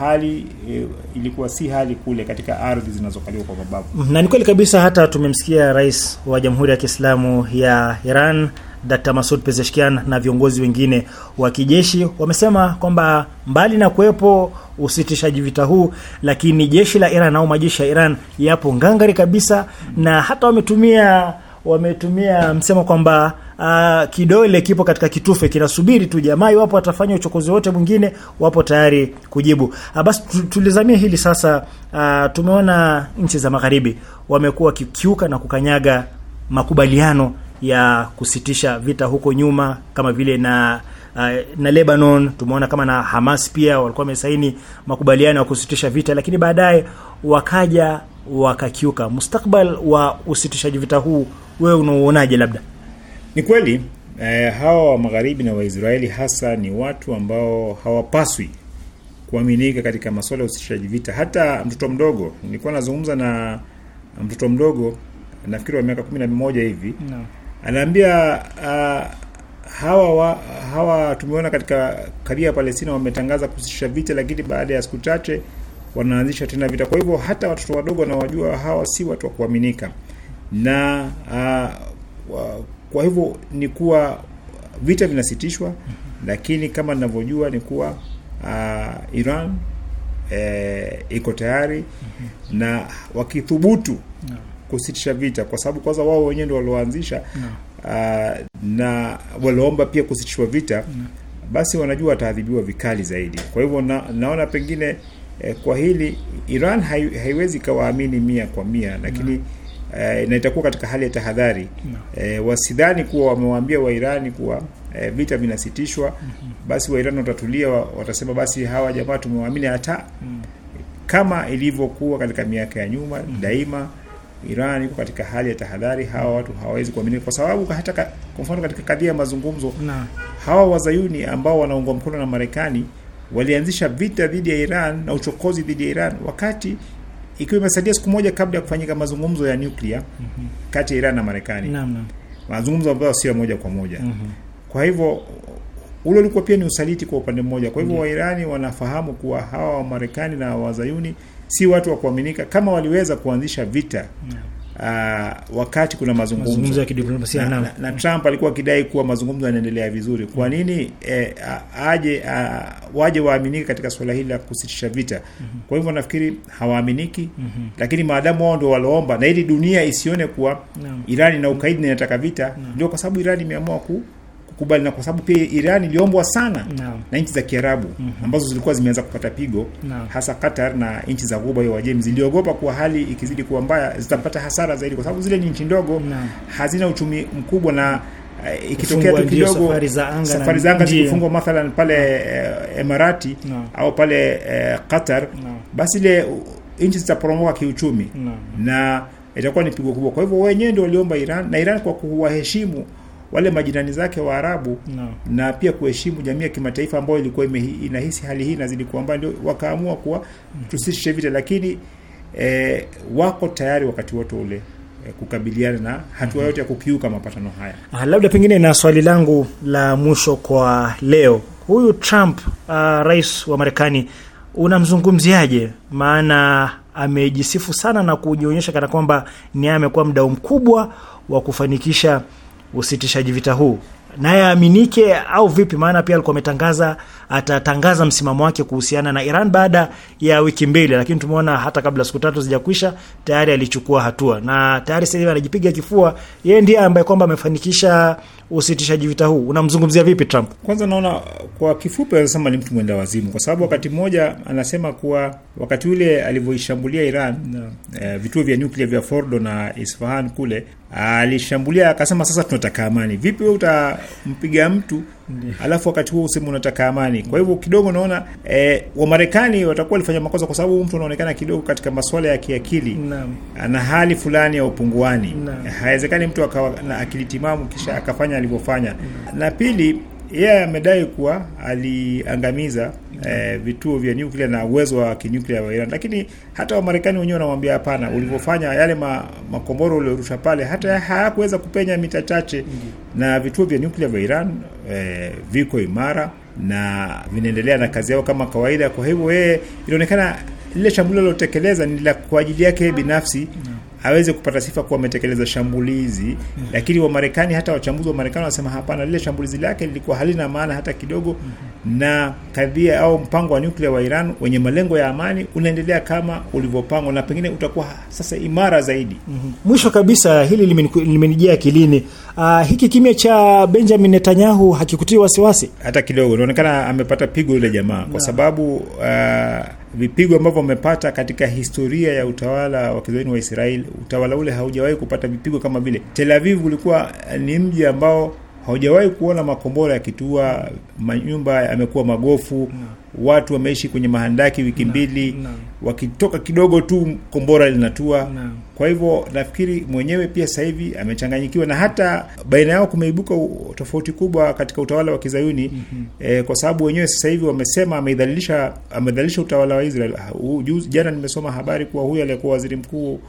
hali e, ilikuwa si hali kule katika ardhi zinazokaliwa kwa mababu. Na ni kweli kabisa, hata tumemsikia rais wa Jamhuri ya Kiislamu ya Iran Dr. Masud Pezeshkian na viongozi wengine wa kijeshi wamesema kwamba mbali na kuwepo usitishaji vita huu, lakini jeshi la Iran au majeshi ya Iran yapo ngangari kabisa, na hata wametumia wametumia msemo kwamba uh, kidole kipo katika kitufe kinasubiri tu jamaa, iwapo atafanya uchokozi wote mwingine, wapo tayari kujibu. Uh, basi tulizamia hili sasa. Uh, tumeona nchi za magharibi wamekuwa wakikiuka na kukanyaga makubaliano ya kusitisha vita huko nyuma kama vile na uh, na Lebanon tumeona kama na Hamas pia walikuwa wamesaini makubaliano ya kusitisha vita, lakini baadaye wakaja wakakiuka. Mustakbal wa usitishaji vita huu wewe unauonaje? Labda ni kweli eh, hawa wa magharibi na Waisraeli hasa ni watu ambao hawapaswi kuaminika katika masuala ya usitishaji vita. Hata mtoto mdogo, nilikuwa nazungumza na mtoto mdogo, nafikiri wa miaka kumi na mimoja hivi no. Anaambia uh, ah, hawa wa, hawa tumeona katika kadhia ya Palestina wametangaza kusitisha vita, lakini baada ya siku chache wanaanzisha tena vita. Kwa hivyo hata watoto wadogo na wajua hawa si watu wa kuaminika na uh, kwa hivyo ni kuwa vita vinasitishwa, lakini kama ninavyojua ni kuwa uh, Iran e, iko tayari mm -hmm. na wakithubutu no. kusitisha vita, kwa sababu kwanza wao wenyewe ndio walioanzisha no. uh, ah, na walioomba pia kusitishwa vita no. basi wanajua wataadhibiwa vikali zaidi. Kwa hivyo na, naona pengine eh, kwa hili Iran hai, haiwezi kawaamini mia kwa mia, lakini no e, na itakuwa katika hali ya tahadhari no. E, wasidhani kuwa wamewaambia Wairani kuwa e, vita vinasitishwa mm -hmm. Basi Wairani watatulia, watasema basi hawa jamaa tumewaamini hata mm. kama ilivyokuwa katika miaka ya nyuma mm -hmm. daima Iran iko katika hali ya tahadhari. Hawa mm. watu hawawezi kuamini, kwa sababu hata ka, kwa mfano katika kadhia ya mazungumzo na. hawa wazayuni ambao wanaungwa mkono na Marekani walianzisha vita dhidi ya Iran na uchokozi dhidi ya Iran wakati ikiwa imesaidia siku moja kabla ya kufanyika mazungumzo ya nuklia mm -hmm. kati ya Iran na Marekani naam, naam. mazungumzo ambayo sio moja kwa moja mm -hmm. kwa hivyo ule ulikuwa pia ni usaliti kwa upande mmoja. Kwa hivyo, yeah. Wairani wanafahamu kuwa hawa Wamarekani na Wazayuni si watu wa kuaminika. Kama waliweza kuanzisha vita yeah uh, wakati kuna mazungumzo, mazungumzo ya kidiplomasia na, na, na Trump alikuwa akidai kuwa mazungumzo yanaendelea vizuri. Kwa mm-hmm. nini eh, aje a, waje waaminike katika suala hili la kusitisha vita? mm -hmm. Kwa hivyo nafikiri hawaaminiki. mm -hmm. Lakini maadamu wao ndio waloomba na ili dunia isione kuwa no. Irani na ukaidi inataka vita no. Ndio kwa sababu Irani imeamua ku kukubali, na kwa sababu pia Iran iliombwa sana no. na nchi za Kiarabu mm -hmm. ambazo zilikuwa zimeanza kupata pigo no. hasa Qatar na nchi za Ghuba ya Uajemi ziliogopa kuwa hali ikizidi kuwa mbaya zitapata hasara zaidi, kwa sababu zile ni nchi ndogo no. hazina uchumi mkubwa na uh, ikitokea tu kidogo safari za anga, safari za anga zikifungwa mathalan pale no. Eh, Emirati no. au pale eh, Qatar no. basi ile nchi zitaporomoka kiuchumi no. na itakuwa ni pigo kubwa. Kwa hivyo wenyewe ndio waliomba Iran na Iran kwa kuwaheshimu wale majirani zake Arabu no. na pia kuheshimu jamii ya kimataifa ambayo ilikuwa inahisi hali hii inazidi kuwa mbaya, ndio wakaamua kuwa mm. tusishe vita, lakini e, wako tayari wakati wote ule eh, kukabiliana na hatua mm -hmm. yote ya kukiuka mapatano haya. Ah, labda pengine na swali langu la mwisho kwa leo, huyu Trump uh, rais wa Marekani unamzungumziaje? Maana amejisifu sana na kujionyesha kana kwamba ni amekuwa mdau mkubwa wa kufanikisha usitishaji vita huu, naye aaminike au vipi? Maana pia alikuwa ametangaza atatangaza msimamo wake kuhusiana na Iran baada ya wiki mbili, lakini tumeona hata kabla siku tatu zijakwisha tayari alichukua hatua, na tayari sasa hivi anajipiga kifua. Yeye ndiye ambaye kwamba amefanikisha usitishaji vita huu. Unamzungumzia vipi Trump? Kwanza naona kwa kifupi anasema ni mtu mwenda wazimu, kwa sababu wakati mmoja anasema kuwa wakati ule alivyoishambulia Iran e, vituo vya nyuklia vya Fordo na Isfahan kule alishambulia, akasema sasa tunataka amani. Vipi wewe utampiga mtu Alafu wakati huo useme unataka amani. Kwa hivyo kidogo naona e, eh, Wamarekani watakuwa walifanya makosa, kwa sababu mtu anaonekana kidogo katika masuala ya kiakili ana hali fulani ya upunguani. Haiwezekani mtu akawa na akili timamu kisha akafanya alivyofanya. Na pili, yeye yeah, amedai kuwa aliangamiza eh, vituo vya nyuklia na uwezo wa kinyuklia wa Iran, lakini hata Wamarekani wenyewe wanamwambia hapana, ulivyofanya yale ma, makomboro uliorusha pale hata hayakuweza kupenya mita chache, mm-hmm. na vituo vya nyuklia vya Iran eh, viko imara na vinaendelea na kazi yao kama kawaida. Kwa hivyo yeye, inaonekana lile shambulio lilotekeleza ni la kwa ajili yake binafsi mm-hmm aweze kupata sifa kuwa ametekeleza shambulizi mm -hmm. Lakini Wamarekani, hata wachambuzi wa Marekani wanasema hapana, lile shambulizi lake lilikuwa halina maana hata kidogo mm -hmm. Na kadhia au mpango wa nyuklia wa Iran wenye malengo ya amani unaendelea kama ulivyopangwa, na pengine utakuwa sasa imara zaidi mm -hmm. Mwisho kabisa, hili limenijia akilini Uh, hiki kimya cha Benjamin Netanyahu hakikutii wasiwasi hata kidogo. Inaonekana amepata pigo yule jamaa kwa sababu uh, vipigo ambavyo amepata katika historia ya utawala wa kizayuni wa Israeli, utawala ule haujawahi kupata vipigo kama vile. Tel Aviv ulikuwa ni mji ambao haujawahi kuona makombora yakitua, manyumba yamekuwa magofu na watu wameishi kwenye mahandaki wiki mbili wakitoka kidogo tu kombora linatua na. Kwa hivyo nafikiri mwenyewe pia sasa hivi amechanganyikiwa, na hata baina yao kumeibuka tofauti kubwa katika utawala wa Kizayuni mm -hmm. E, kwa sababu wenyewe sasa hivi wamesema amedhalilisha amedhalilisha utawala wa Israel. Ah, jana nimesoma habari kuwa huyu aliyekuwa waziri mkuu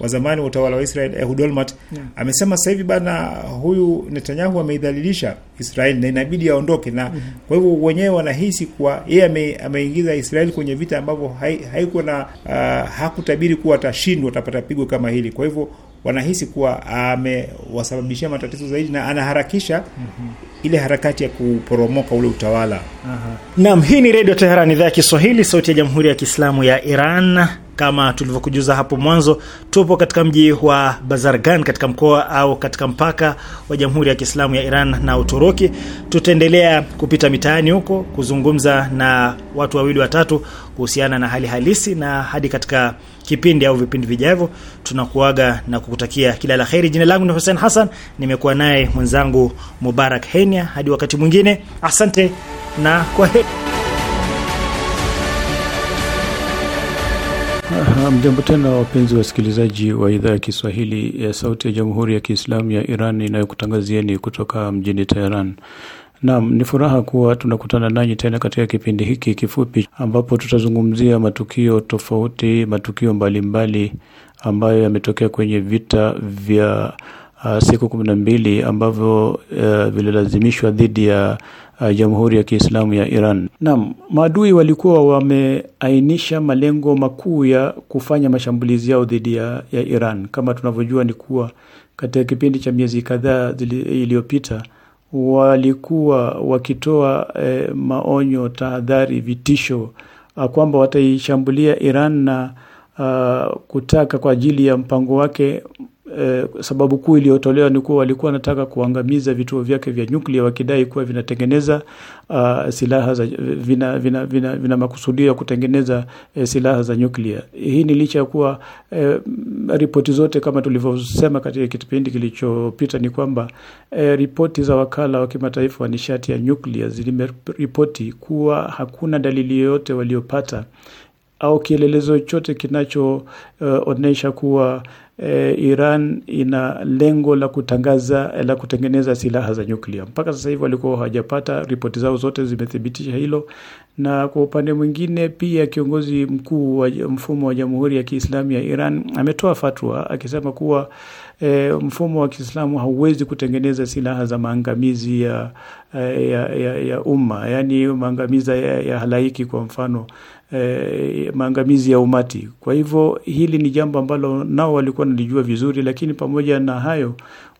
wa zamani wa utawala wa Israel Ehud Olmert yeah. amesema sasa hivi bana, huyu Netanyahu ameidhalilisha Israel na inabidi aondoke na mm -hmm. kwa hivyo wenyewe wanahisi kuwa yeye ame, ameingiza Israel kwenye vita ambavyo haikuwa na uh, hakutabiri kuwa atashindwa, atapata pigo kama hili. Kwa hivyo wanahisi kuwa amewasababishia matatizo zaidi na anaharakisha mm -hmm. ile harakati ya kuporomoka ule utawala. Naam, hii ni Redio Teheran idhaa ya Kiswahili, sauti ya Jamhuri ya Kiislamu ya Iran. Kama tulivyokujuza hapo mwanzo, tupo katika mji wa Bazargan katika mkoa au katika mpaka wa Jamhuri ya Kiislamu ya Iran na Uturuki. Tutaendelea kupita mitaani huko kuzungumza na watu wawili watatu kuhusiana na hali halisi, na hadi katika kipindi au vipindi vijavyo, tunakuaga na kukutakia kila la kheri Jina langu ni Hussein Hassan, nimekuwa naye mwenzangu Mubarak Henia. Hadi wakati mwingine, asante na kwa heri. Mjambo tena wapenzi wasikilizaji wa idhaa ya Kiswahili ya Sauti ya Jamhuri ya Kiislamu ya Iran inayokutangazieni kutoka mjini Teheran. Naam, ni furaha kuwa tunakutana nanyi tena katika kipindi hiki kifupi ambapo tutazungumzia matukio tofauti, matukio mbalimbali mbali ambayo yametokea kwenye vita vya uh, siku kumi na mbili ambavyo uh, vililazimishwa dhidi ya uh, Jamhuri ya Kiislamu ya Iran. Naam, maadui walikuwa wameainisha malengo makuu ya kufanya mashambulizi yao dhidi ya, ya Iran. Kama tunavyojua ni kuwa katika kipindi cha miezi kadhaa iliyopita walikuwa wakitoa eh, maonyo, tahadhari, vitisho uh, kwamba wataishambulia Iran na uh, kutaka kwa ajili ya mpango wake eh, sababu kuu iliyotolewa ni kuwa walikuwa wanataka kuangamiza vituo vyake vya nyuklia wakidai kuwa vinatengeneza uh, silaha za vina, vina, vina, vina makusudio ya kutengeneza eh, silaha za nyuklia. Hii ni licha ya kuwa eh, ripoti zote kama tulivyosema katika kipindi kilichopita ni kwamba eh, ripoti za wakala wa kimataifa wa nishati ya nyuklia zimeripoti kuwa hakuna dalili yoyote waliopata au kielelezo chote kinachoonyesha eh, uh, kuwa uh, Iran ina lengo la kutangaza eh, la kutengeneza silaha za nyuklia. Mpaka sasa hivi walikuwa hawajapata, ripoti zao zote zimethibitisha hilo. Na kwa upande mwingine pia kiongozi mkuu wa mfumo wa Jamhuri ya Kiislamu ya Iran ametoa fatwa akisema kuwa e, mfumo wa Kiislamu hauwezi kutengeneza silaha za maangamizi ya, eh, ya, ya, ya umma, yaani maangamizi ya, ya halaiki, kwa mfano e, maangamizi ya umati. Kwa hivyo hili ni jambo ambalo nao walikuwa nalijua vizuri, lakini pamoja na hayo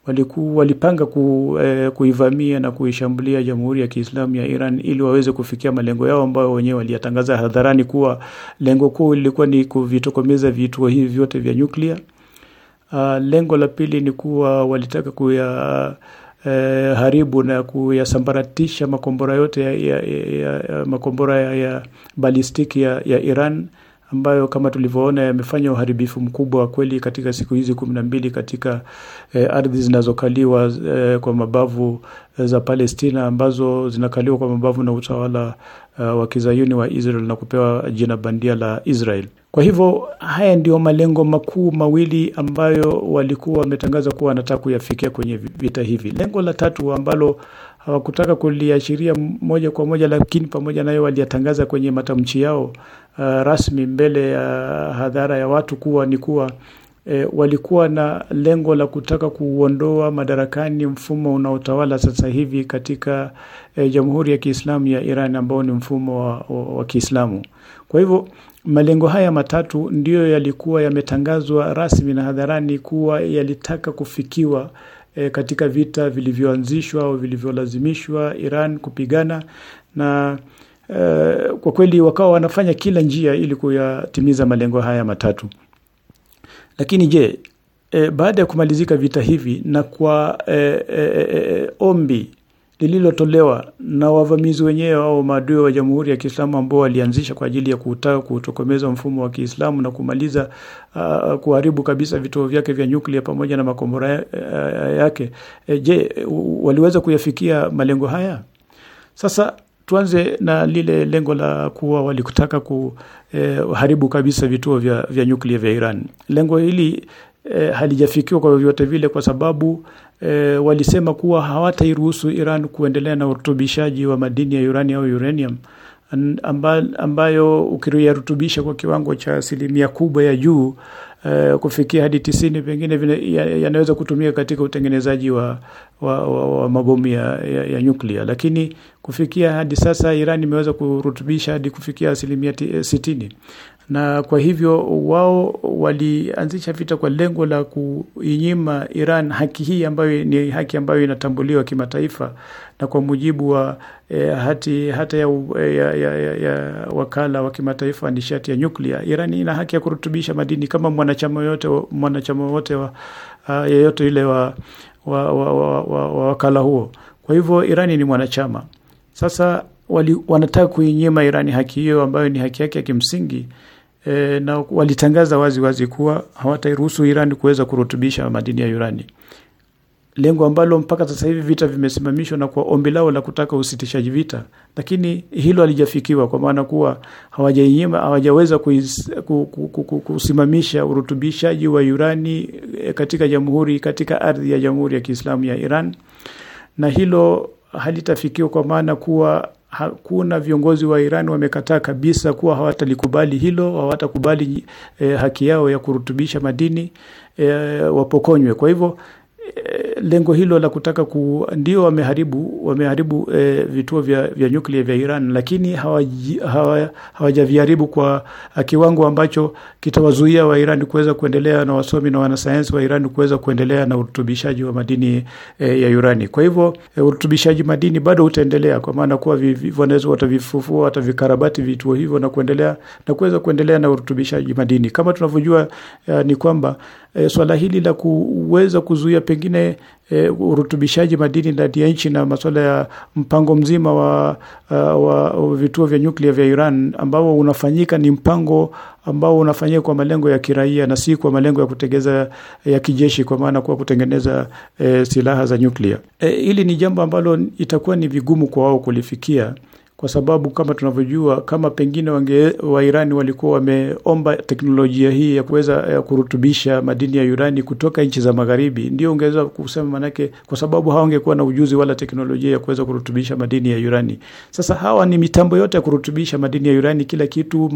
waliku, walipanga ku, e, kuivamia na kuishambulia Jamhuri ya Kiislamu ya Iran ili waweze kufikia malengo yao ambayo wenyewe waliyatangaza hadharani kuwa lengo kuu lilikuwa ni kuvitokomeza vituo hivi vyote vya nyuklia Uh, lengo la pili ni kuwa walitaka kuya uh, haribu na kuyasambaratisha makombora yote ya, ya, ya, ya makombora ya, ya balistiki ya, ya Iran ambayo kama tulivyoona yamefanya uharibifu mkubwa wa kweli katika siku hizi kumi na mbili katika eh, ardhi zinazokaliwa eh, kwa mabavu eh, za Palestina ambazo zinakaliwa kwa mabavu na utawala eh, wa kizayuni wa Israel na kupewa jina bandia la Israel. Kwa hivyo haya ndiyo malengo makuu mawili ambayo walikuwa wametangaza kuwa wanataka kuyafikia kwenye vita hivi. Lengo la tatu ambalo hawakutaka kuliashiria moja kwa moja, lakini pamoja nayo waliyatangaza kwenye matamshi yao uh, rasmi mbele ya uh, hadhara ya watu kuwa ni kuwa E, walikuwa na lengo la kutaka kuondoa madarakani mfumo unaotawala sasa hivi katika e, Jamhuri ya Kiislamu ya Iran ambao ni mfumo wa, wa, wa Kiislamu. Kwa hivyo Malengo haya matatu ndiyo yalikuwa yametangazwa rasmi na hadharani kuwa yalitaka kufikiwa e, katika vita vilivyoanzishwa au vilivyolazimishwa Iran kupigana na e, kwa kweli wakawa wanafanya kila njia ili kuyatimiza malengo haya matatu. Lakini je, e, baada ya kumalizika vita hivi na kwa e, e, e, ombi lililotolewa na wavamizi wenyewe au maadui wa Jamhuri ya Kiislamu ambao walianzisha kwa ajili ya kutaka kutokomeza mfumo wa Kiislamu na kumaliza uh, kuharibu kabisa vituo vyake vya nyuklia pamoja na makombora uh, yake. E, je, waliweza kuyafikia malengo haya? Sasa tuanze na lile lengo la kuwa walikutaka kuharibu eh, kabisa vituo vya, vya nyuklia vya Iran. Lengo hili E, halijafikiwa kwa vyovyote vile, kwa sababu e, walisema kuwa hawatairuhusu Iran kuendelea na urutubishaji wa madini ya urani au uranium ambayo ukiyarutubisha kwa kiwango cha asilimia kubwa ya juu e, kufikia hadi tisini pengine yanaweza ya kutumika katika utengenezaji wa, wa, wa, wa mabomu ya, ya, ya nyuklia, lakini kufikia hadi sasa Iran imeweza kurutubisha hadi kufikia asilimia sitini na kwa hivyo wao walianzisha vita kwa lengo la kuinyima Iran haki hii ambayo ni haki ambayo inatambuliwa kimataifa na kwa mujibu wa eh, hati hata ya, eh, ya, ya, ya, ya wakala wa kimataifa wa nishati ya nyuklia, Iran ina haki ya kurutubisha madini kama mwanachama yote mwanachama wote wa uh, yeyote ile wa, wa, wa, wa, wa, wa wakala huo. Kwa hivyo Irani ni mwanachama sasa wali, wanataka kuinyima Irani haki hiyo ambayo ni haki yake ya kimsingi e, na walitangaza wazi wazi kuwa hawatairuhusu Iran kuweza kurutubisha madini ya urani, lengo ambalo mpaka sasa hivi vita vimesimamishwa na kwa ombi lao la kutaka usitishaji vita, lakini hilo halijafikiwa kwa maana kuwa hawajainyima, hawajaweza kusimamisha urutubishaji wa urani e, katika jamhuri, katika ardhi ya Jamhuri ya Kiislamu ya Iran, na hilo halitafikiwa kwa maana kuwa hakuna viongozi wa Iran wamekataa kabisa kuwa hawatalikubali hilo, hawatakubali eh, haki yao ya kurutubisha madini eh, wapokonywe. Kwa hivyo lengo hilo la kutaka ku, ndio wameharibu wameharibu e, vituo vya, vya nyuklia vya Iran, lakini hawajaviharibu hawa, kwa kiwango ambacho kitawazuia wa Iran kuweza kuendelea na wasomi na wanasayansi wa Iran kuweza kuendelea na urutubishaji wa madini e, ya urani. Kwa hivyo e, urutubishaji madini bado utaendelea, kwa maana kuwa wanaweza watavifufua watavikarabati vituo hivyo na kuendelea na kuweza kuendelea na urutubishaji madini. Kama tunavyojua e, ni kwamba e, swala hili la kuweza kuzuia pengine e, urutubishaji madini ndani ya nchi na maswala ya mpango mzima wa, eh, wa, wa vituo vya nyuklia vya Iran ambao unafanyika ni mpango ambao unafanyika kwa malengo ya kiraia na si kwa malengo ya kutengeza ya kijeshi, kwa maana kuwa kutengeneza e, silaha za nyuklia. E, hili ni jambo ambalo itakuwa ni vigumu kwa wao kulifikia kwa sababu kama tunavyojua kama pengine wange wa Wairani walikuwa wameomba teknolojia hii ya kuweza kurutubisha madini ya urani kutoka nchi za magharibi, ndio ungeweza kusema manake, kwa sababu hawa wangekuwa na ujuzi wala teknolojia ya kuweza kurutubisha madini ya urani. Sasa hawa ni mitambo yote ya kurutubisha madini ya urani, kila kitu,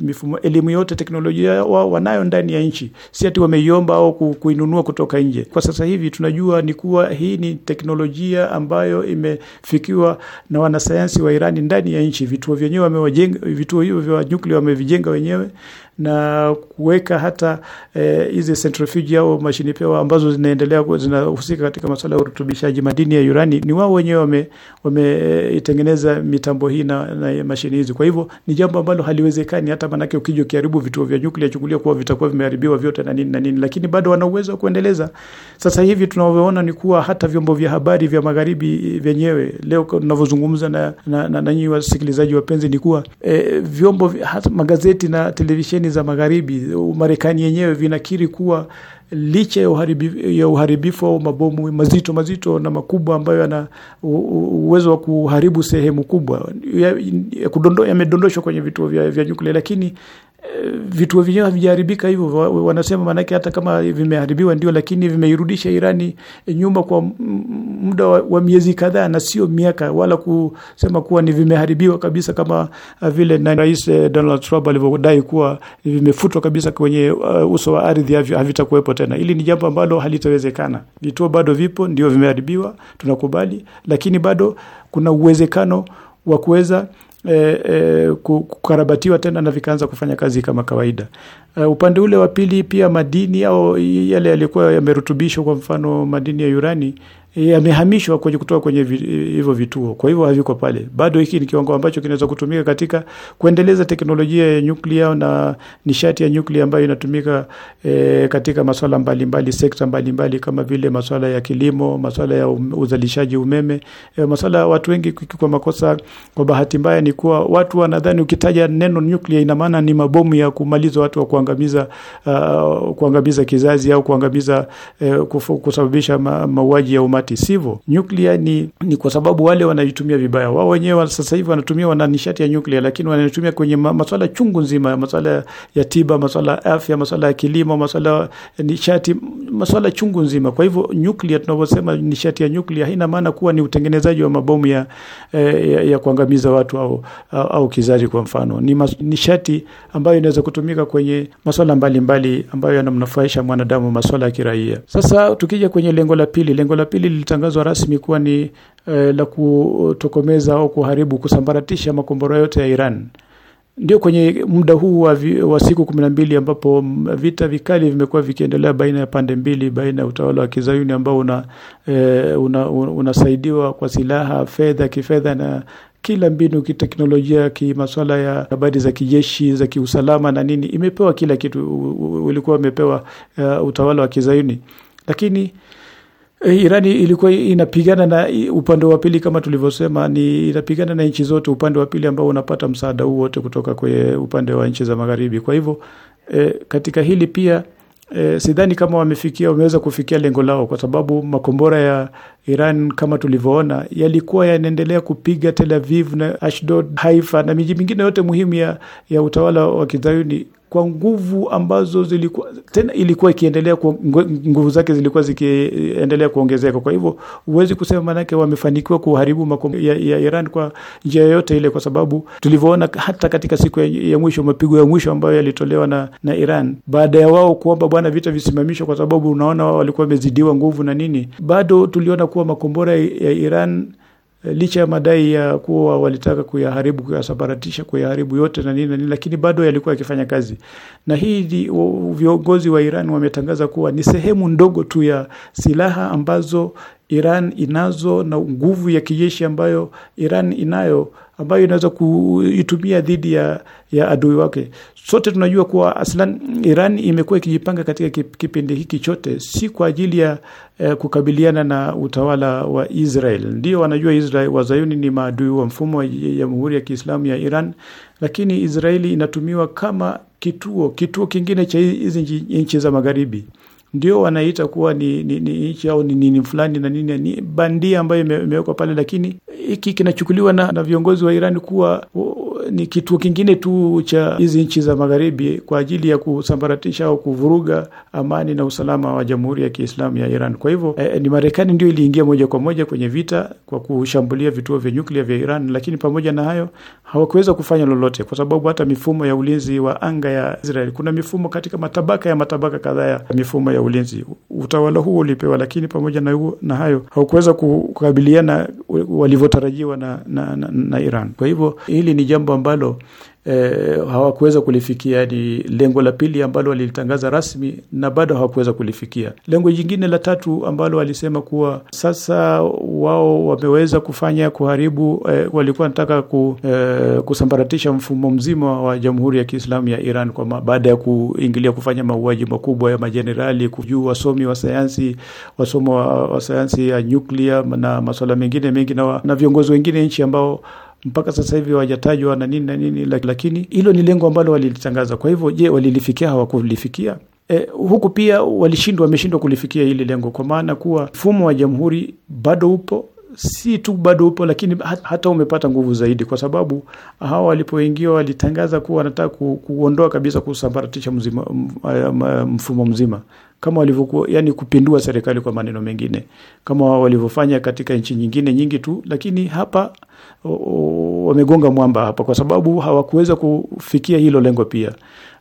mifumo, elimu yote, teknolojia wao wanayo ndani ya nchi, si ati wameiomba au kuinunua kutoka nje. Kwa sasa hivi tunajua ni kuwa hii ni teknolojia ambayo imefikiwa na wanasayansi wa Irani Irani ndani ya nchi. Vituo vyenyewe wamewajenga, vituo hivyo vya nyuklia wamevijenga wenyewe na kuweka hata eh, hizi e, centrifuge au mashini pewa ambazo zinaendelea zinahusika katika masuala ya urutubishaji madini ya urani, ni wao wenyewe wameitengeneza wame, mitambo hii na, na mashini hizi. Kwa hivyo ni jambo ambalo haliwezekani, hata manake ukija ukiharibu vituo vya nyuklia, chukulia kuwa vitakuwa vimeharibiwa vyote na nini na nini, lakini bado wana uwezo wa kuendeleza. Sasa hivi tunavyoona ni kuwa hata vyombo vya habari vya magharibi vyenyewe leo tunavyozungumza na, na, na, na, na wasikilizaji wapenzi, ni kuwa e, vyombo hata magazeti na televisheni kampeni za magharibi, Marekani yenyewe vinakiri kuwa licha ya uharibifu, ya uharibifu au mabomu mazito mazito na makubwa ambayo yana uwezo wa kuharibu sehemu kubwa yamedondoshwa ya kwenye vituo vya, vya nyuklia, lakini vituo vyenyewe havijaharibika hivyo, wanasema maanake, hata kama vimeharibiwa ndio, lakini vimeirudisha Irani nyuma kwa muda wa, wa miezi kadhaa na sio miaka, wala kusema kuwa ni vimeharibiwa kabisa kama uh, vile na Rais uh, Donald Trump alivyodai kuwa vimefutwa kabisa kwenye uh, uso wa ardhi, havitakuwepo tena. Hili ni jambo ambalo halitawezekana. Vituo bado vipo, ndio vimeharibiwa, tunakubali, lakini bado kuna uwezekano wa kuweza E, e, kukarabatiwa tena na vikaanza kufanya kazi kama kawaida. E, upande ule wa pili pia madini au yale yalikuwa yamerutubishwa, kwa mfano madini ya urani Eh, yamehamishwa kwenye kutoka kwenye hivyo vituo, kwa hivyo haviko pale bado. Hiki ni kiwango ambacho kinaweza kutumika katika kuendeleza teknolojia ya nyuklia na nishati ya nyuklia ambayo inatumika e, katika maswala mbalimbali, sekta mbalimbali kama vile maswala ya kilimo, maswala ya um, uzalishaji umeme e, maswala watu wengi kwa makosa, kwa bahati mbaya ni kuwa watu wanadhani ukitaja neno nyuklia ina maana ni mabomu ya kumaliza watu wa kuangamiza, uh, kuangamiza kizazi au kuangamiza uh, kusababisha ma, mauaji ya umati nishati, sivyo? Nyuklia ni, ni kwa sababu wale wanaitumia vibaya. Wao wenyewe sasa hivi wanatumia wana nishati ya nyuklia, lakini wanaitumia kwenye masuala chungu nzima, masuala ya tiba, masuala ya afya, masuala ya kilimo, masuala ya nishati, masuala chungu nzima. Kwa hivyo nyuklia, tunavyosema nishati ya nyuklia haina maana kuwa ni utengenezaji wa mabomu ya, eh, ya, ya kuangamiza watu au, au, au kizazi. Kwa mfano ni mas, nishati ambayo inaweza kutumika kwenye masuala mbalimbali ambayo yanamnufaisha mwanadamu, masuala ya kiraia. Sasa tukija kwenye lengo la pili, lengo la pili lilitangazwa rasmi kuwa ni e, la kutokomeza au kuharibu kusambaratisha makombora yote ya Iran. Ndio kwenye muda huu wa, vi, wa siku kumi na mbili ambapo vita vikali vimekuwa vikiendelea baina ya pande mbili, baina ya utawala wa kizayuni ambao una, e, una, unasaidiwa kwa silaha, fedha, kifedha na kila mbinu kiteknolojia, kimaswala ya habari za kijeshi, za kiusalama na nini, imepewa kila kitu, ulikuwa umepewa uh, utawala wa kizayuni, lakini Eh, Irani ilikuwa inapigana na upande wa pili kama tulivyosema, ni inapigana na nchi zote upande wa pili ambao unapata msaada huu wote kutoka kwenye upande wa nchi za magharibi. Kwa hivyo e, katika hili pia e, sidhani kama wamefikia wameweza kufikia lengo lao, kwa sababu makombora ya Iran kama tulivyoona yalikuwa yanaendelea kupiga Tel Aviv na Ashdod, Haifa na miji mingine yote muhimu ya, ya utawala wa Kizayuni kwa nguvu ambazo zilikuwa tena ilikuwa ikiendelea nguvu zake zilikuwa zikiendelea kuongezeka. Kwa hivyo huwezi kusema maanake wamefanikiwa kuharibu makombo ya, ya Iran kwa njia yoyote ile, kwa sababu tulivyoona hata katika siku ya, ya mwisho mapigo ya mwisho ambayo yalitolewa na, na Iran baada ya wao kuomba bwana vita visimamishwe, kwa sababu unaona wao walikuwa wamezidiwa nguvu na nini, bado tuliona kuwa makombora ya Iran licha ya madai ya kuwa walitaka kuyaharibu, kuyasabaratisha kuyaharibu yote na nini na nini, lakini bado yalikuwa yakifanya kazi. Na hii viongozi wa Iran wametangaza kuwa ni sehemu ndogo tu ya silaha ambazo Iran inazo na nguvu ya kijeshi ambayo Iran inayo ambayo inaweza kuitumia dhidi ya, ya adui wake. Sote tunajua kuwa aslan Iran imekuwa ikijipanga katika kipindi hiki chote, si kwa ajili ya eh, kukabiliana na utawala wa Israel. Ndio wanajua Israel, wazayuni ni maadui wa mfumo wa jamhuri ya Kiislamu ya Iran, lakini Israeli inatumiwa kama kituo kituo kingine cha hizi nchi za magharibi ndio wanaita kuwa ni, ni, ni nchi au ni nini fulani na nini ni bandia ambayo imewekwa pale, lakini hiki kinachukuliwa na, na viongozi wa Iran kuwa ni kituo kingine tu cha hizi nchi za magharibi kwa ajili ya kusambaratisha au kuvuruga amani na usalama wa Jamhuri ya Kiislamu ya Iran. Kwa hivyo eh, ni Marekani ndio iliingia moja kwa moja kwenye vita kwa kushambulia vituo vya nyuklia vya Iran, lakini pamoja na hayo hawakuweza kufanya lolote, kwa sababu hata mifumo ya ulinzi wa anga ya Israel, kuna mifumo katika matabaka ya matabaka kadhaa ya mifumo ya ulinzi, utawala huo ulipewa, lakini pamoja na, na hayo haukuweza kukabiliana walivyo ilivyotarajiwa na, na, na, na Iran. Kwa hivyo hili ni jambo ambalo eh, hawakuweza kulifikia. Ni lengo la pili ambalo walilitangaza rasmi na bado hawakuweza kulifikia. Lengo jingine la tatu ambalo walisema kuwa sasa wao wameweza kufanya kuharibu, eh, walikuwa wanataka ku, eh, kusambaratisha mfumo mzima wa Jamhuri ya Kiislamu ya Iran kwa baada ya kuingilia kufanya mauaji makubwa ya majenerali kujuu wasomi wa sayansi wasomo wa, wa sayansi ya nyuklia na maswala mengine mengi na, na viongozi wengine nchi ambao mpaka sasa hivi hawajatajwa na nini na nini, lakini hilo ni lengo ambalo walilitangaza. Kwa hivyo, je, walilifikia? Hawakulifikia. E, huku pia walishindwa, wameshindwa kulifikia hili lengo, kwa maana kuwa mfumo wa jamhuri bado upo si tu bado upo, lakini hata umepata nguvu zaidi, kwa sababu hawa walipoingia walitangaza kuwa wanataka ku, kuondoa kabisa, kusambaratisha mzima, mfumo mzima kama walivyokuwa, yani kupindua serikali kwa maneno mengine, kama walivyofanya katika nchi nyingine nyingi tu, lakini hapa wamegonga mwamba hapa, kwa sababu hawakuweza kufikia hilo lengo pia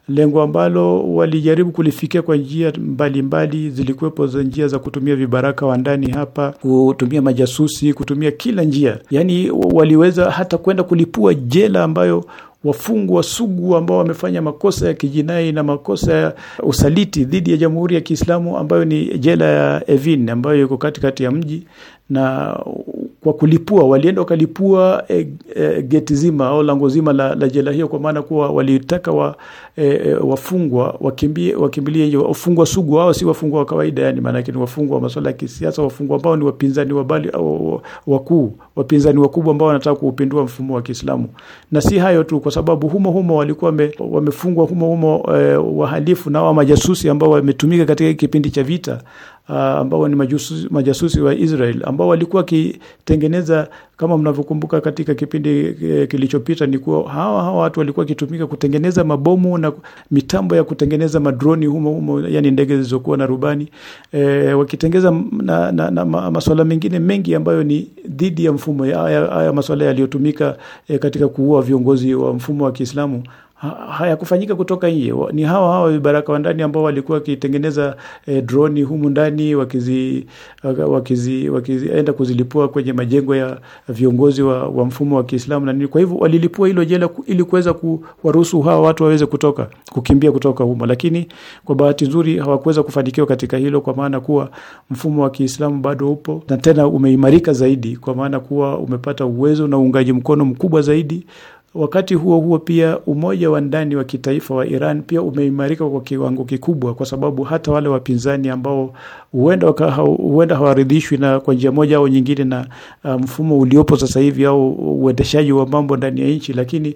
lengo ambalo walijaribu kulifikia kwa njia mbalimbali, zilikuwepo za njia za kutumia vibaraka wa ndani hapa, kutumia majasusi, kutumia kila njia. Yaani waliweza hata kwenda kulipua jela ambayo wafungwa sugu ambao wamefanya makosa ya kijinai na makosa ya usaliti dhidi ya Jamhuri ya Kiislamu ambayo ni jela ya Evin ambayo iko katikati ya mji, na kwa kulipua walienda wakalipua e, e, geti zima au lango zima la, la jela hiyo, kwa maana kuwa walitaka wa, e, wafungwa wakimbilie hiyo wafungwa sugu. wao si wafungwa wa kawaida, yani maanake ni wafungwa wa masuala ya kisiasa, wafungwa ambao ni wapinzani wabali au wakuu, wapinzani wakubwa ambao wanataka kuupindua mfumo wa Kiislamu. Na si hayo tu, kwa sababu humo humo walikuwa wamefungwa humo humo e, wahalifu na wa majasusi ambao wametumika katika kipindi cha vita uh, ambao ni majususi, majasusi wa Israel ambao walikuwa wakitengeneza kama mnavyokumbuka katika kipindi eh, kilichopita ni kuwa hawa hawa watu walikuwa wakitumika kutengeneza mabomu na mitambo ya kutengeneza madroni humo humo, yani ndege zilizokuwa na rubani e, wakitengeza na, na, na masuala mengine mengi ambayo ni dhidi ya mfumo haya, haya masuala yaliyotumika e, katika kuua viongozi wa mfumo wa Kiislamu hayakufanyika kutoka nje. Ni hawa hawa vibaraka wa ndani ambao walikuwa wakitengeneza e, droni humu ndani wakizi wakizi wakienda kuzilipua kwenye majengo ya viongozi wa, wa mfumo wa Kiislamu na nini. Kwa hivyo walilipua hilo jela ili kuweza kuwaruhusu hawa watu waweze kutoka kukimbia kutoka humo, lakini kwa bahati nzuri hawakuweza kufanikiwa katika hilo, kwa maana kuwa mfumo wa Kiislamu bado upo na tena umeimarika zaidi, kwa maana kuwa umepata uwezo na uungaji mkono mkubwa zaidi Wakati huo huo pia umoja wa ndani wa kitaifa wa Iran pia umeimarika kwa kiwango kikubwa, kwa sababu hata wale wapinzani ambao huenda huenda hawaridhishwi na kwa njia moja au nyingine na uh, mfumo um, uliopo sasa hivi au uendeshaji wa mambo ndani ya nchi, lakini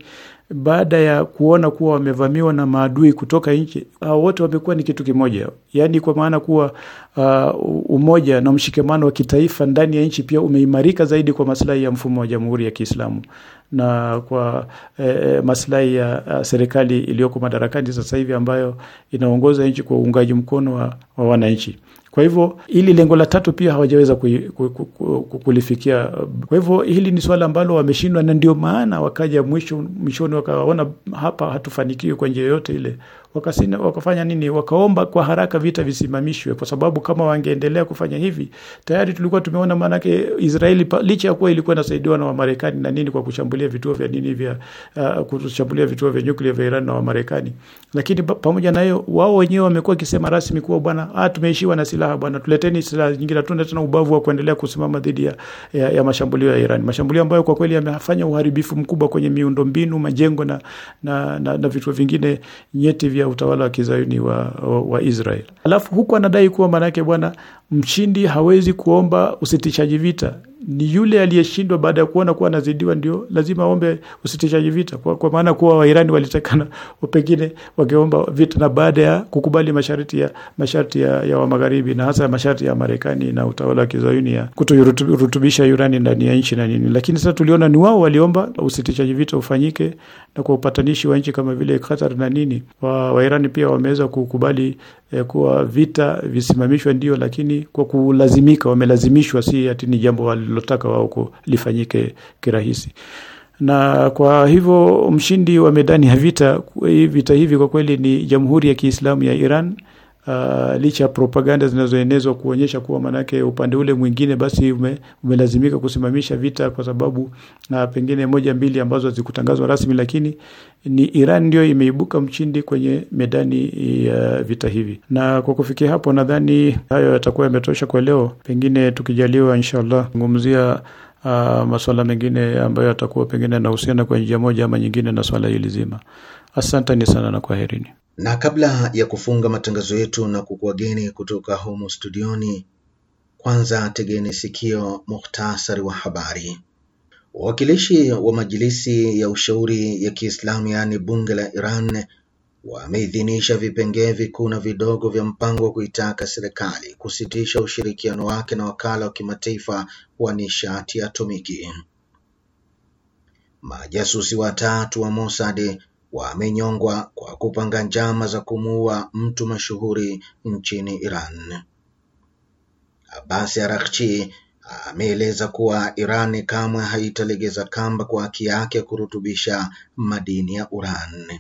baada ya kuona kuwa wamevamiwa na maadui kutoka nchi, wote wamekuwa ni kitu kimoja, yaani kwa maana kuwa uh, umoja na mshikamano wa kitaifa ndani ya nchi pia umeimarika zaidi kwa maslahi ya mfumo wa Jamhuri ya Kiislamu na kwa eh, eh maslahi ya ah, serikali iliyoko madarakani sasa hivi ambayo inaongoza nchi kwa uungaji mkono wa, wa wananchi. Kwa hivyo ili lengo la tatu pia hawajaweza kulifikia. Kwa hivyo hili ni suala ambalo wameshindwa, na ndio maana wakaja mwisho mwishoni wakaona hapa hatufanikiwi kwa njia yoyote ile wakasina wakafanya nini wakaomba kwa haraka vita visimamishwe kwa sababu kama wangeendelea kufanya hivi tayari tulikuwa tumeona maanake Israeli licha ya kuwa ilikuwa inasaidiwa na Wamarekani na nini kwa kushambulia vituo vya nini vya uh, kushambulia vituo vya nyuklia vya Iran na Wamarekani lakini pamoja na hiyo wao wenyewe wamekuwa wakisema rasmi kuwa bwana ah tumeishiwa na silaha bwana tuleteni silaha nyingine tuna tena ubavu wa kuendelea kusimama dhidi ya, ya, ya mashambulio ya Iran mashambulio ambayo kwa kweli yamefanya uharibifu mkubwa kwenye miundombinu majengo na na, na, na vituo vingine nyeti vya utawala wa kizayuni wa, wa, wa Israel. Alafu huku anadai kuwa maanake bwana mshindi hawezi kuomba usitishaji vita ni yule aliyeshindwa baada ya kuona kuwa anazidiwa ndio lazima aombe usitishaji vita kwa, kwa maana kuwa Wairani walitakana pengine wangeomba vita na baada ya kukubali masharti ya masharti ya, ya Wamagharibi na hasa masharti ya Marekani na utawala wa kizayuni ya kutorutubisha urani ndani ya nchi na nini, lakini sasa tuliona ni wao waliomba usitishaji vita ufanyike na kwa upatanishi wa nchi kama vile Qatar na nini. Wairani Wa, pia wameweza kukubali eh, kuwa vita visimamishwe ndio, lakini kwa kulazimika, wamelazimishwa si ati ni jambo wali walilotaka wao kulifanyike kirahisi na kwa hivyo mshindi wa medani ya vita vita hivi kwa kweli ni Jamhuri ya Kiislamu ya Iran uh, licha ya propaganda zinazoenezwa kuonyesha kuwa manake upande ule mwingine basi ume, umelazimika kusimamisha vita kwa sababu uh, pengine moja mbili ambazo hazikutangazwa rasmi, lakini ni Iran ndio imeibuka mshindi kwenye medani ya vita hivi. Na kwa kufikia hapo, nadhani hayo yatakuwa yametosha kwa leo, pengine tukijaliwa, inshallah zungumzia uh, masuala mengine ambayo yatakuwa pengine yanahusiana kwa njia moja ama nyingine na swala hili zima. Asanteni sana na kwaherini. Na kabla ya kufunga matangazo yetu na kukuwageni kutoka humo studioni, kwanza tegeni sikio muhtasari wa habari. Wawakilishi wa majilisi ya ushauri ya Kiislamu yaani bunge la Iran wameidhinisha vipengee vikuu na vidogo vya mpango wa kuitaka serikali kusitisha ushirikiano wake na wakala wa kimataifa wa nishati atomiki. Majasusi watatu wa Mossad wamenyongwa kwa kupanga njama za kumuua mtu mashuhuri nchini Iran. Abbas arakchi ameeleza kuwa Iran kamwe haitalegeza kamba kwa haki yake kurutubisha madini ya urani.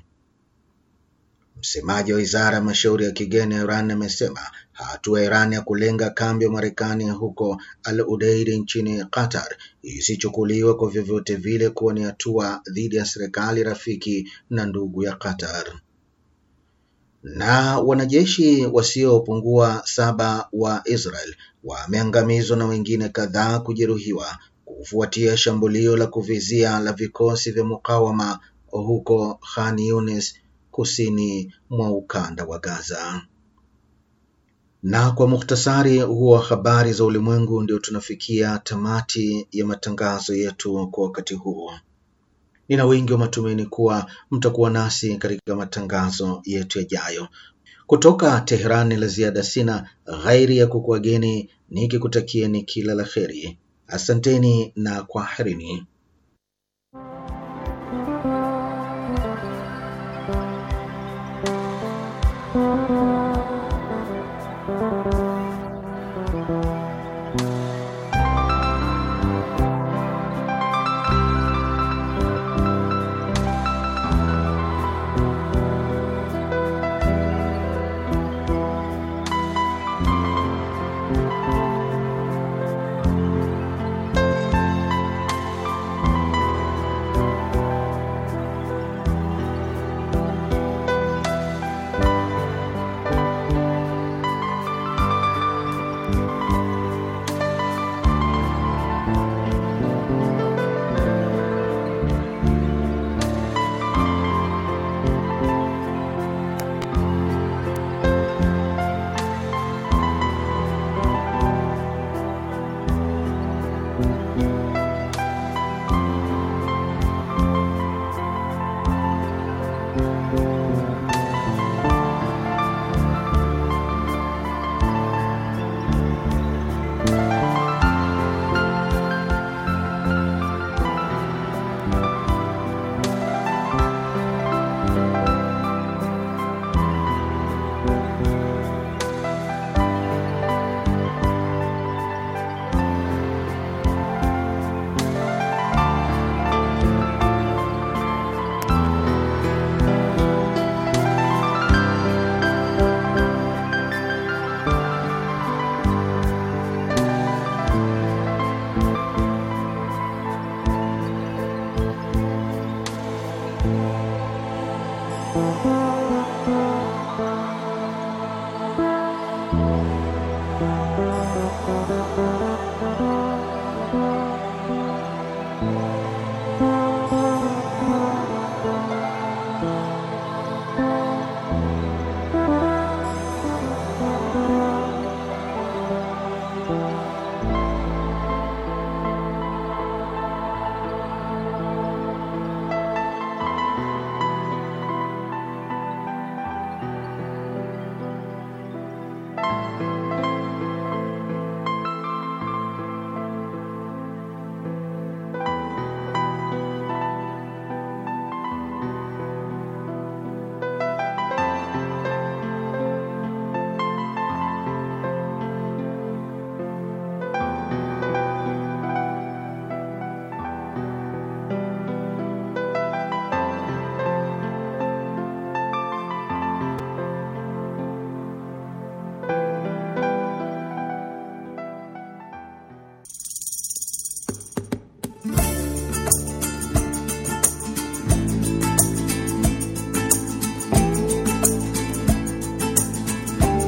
Msemaji wa wizara ya mashauri ya kigeni ya Iran amesema hatua ya Iran ya kulenga kambi ya Marekani huko Al Udeid nchini Qatar isichukuliwe kwa vyovyote vile kuwa ni hatua dhidi ya serikali rafiki na ndugu ya Qatar. Na wanajeshi wasiopungua saba wa Israel wameangamizwa na wengine kadhaa kujeruhiwa kufuatia shambulio la kuvizia la vikosi vya mukawama huko Khan Yunis kusini mwa ukanda wa Gaza. Na kwa muhtasari huo wa habari za ulimwengu, ndio tunafikia tamati ya matangazo yetu kwa wakati huu. Nina wingi wa matumaini kuwa mtakuwa nasi katika matangazo yetu yajayo. Kutoka Teherani la ziada sina ghairi ya kukuageni nikikutakieni kila la heri Asanteni na kwaherini.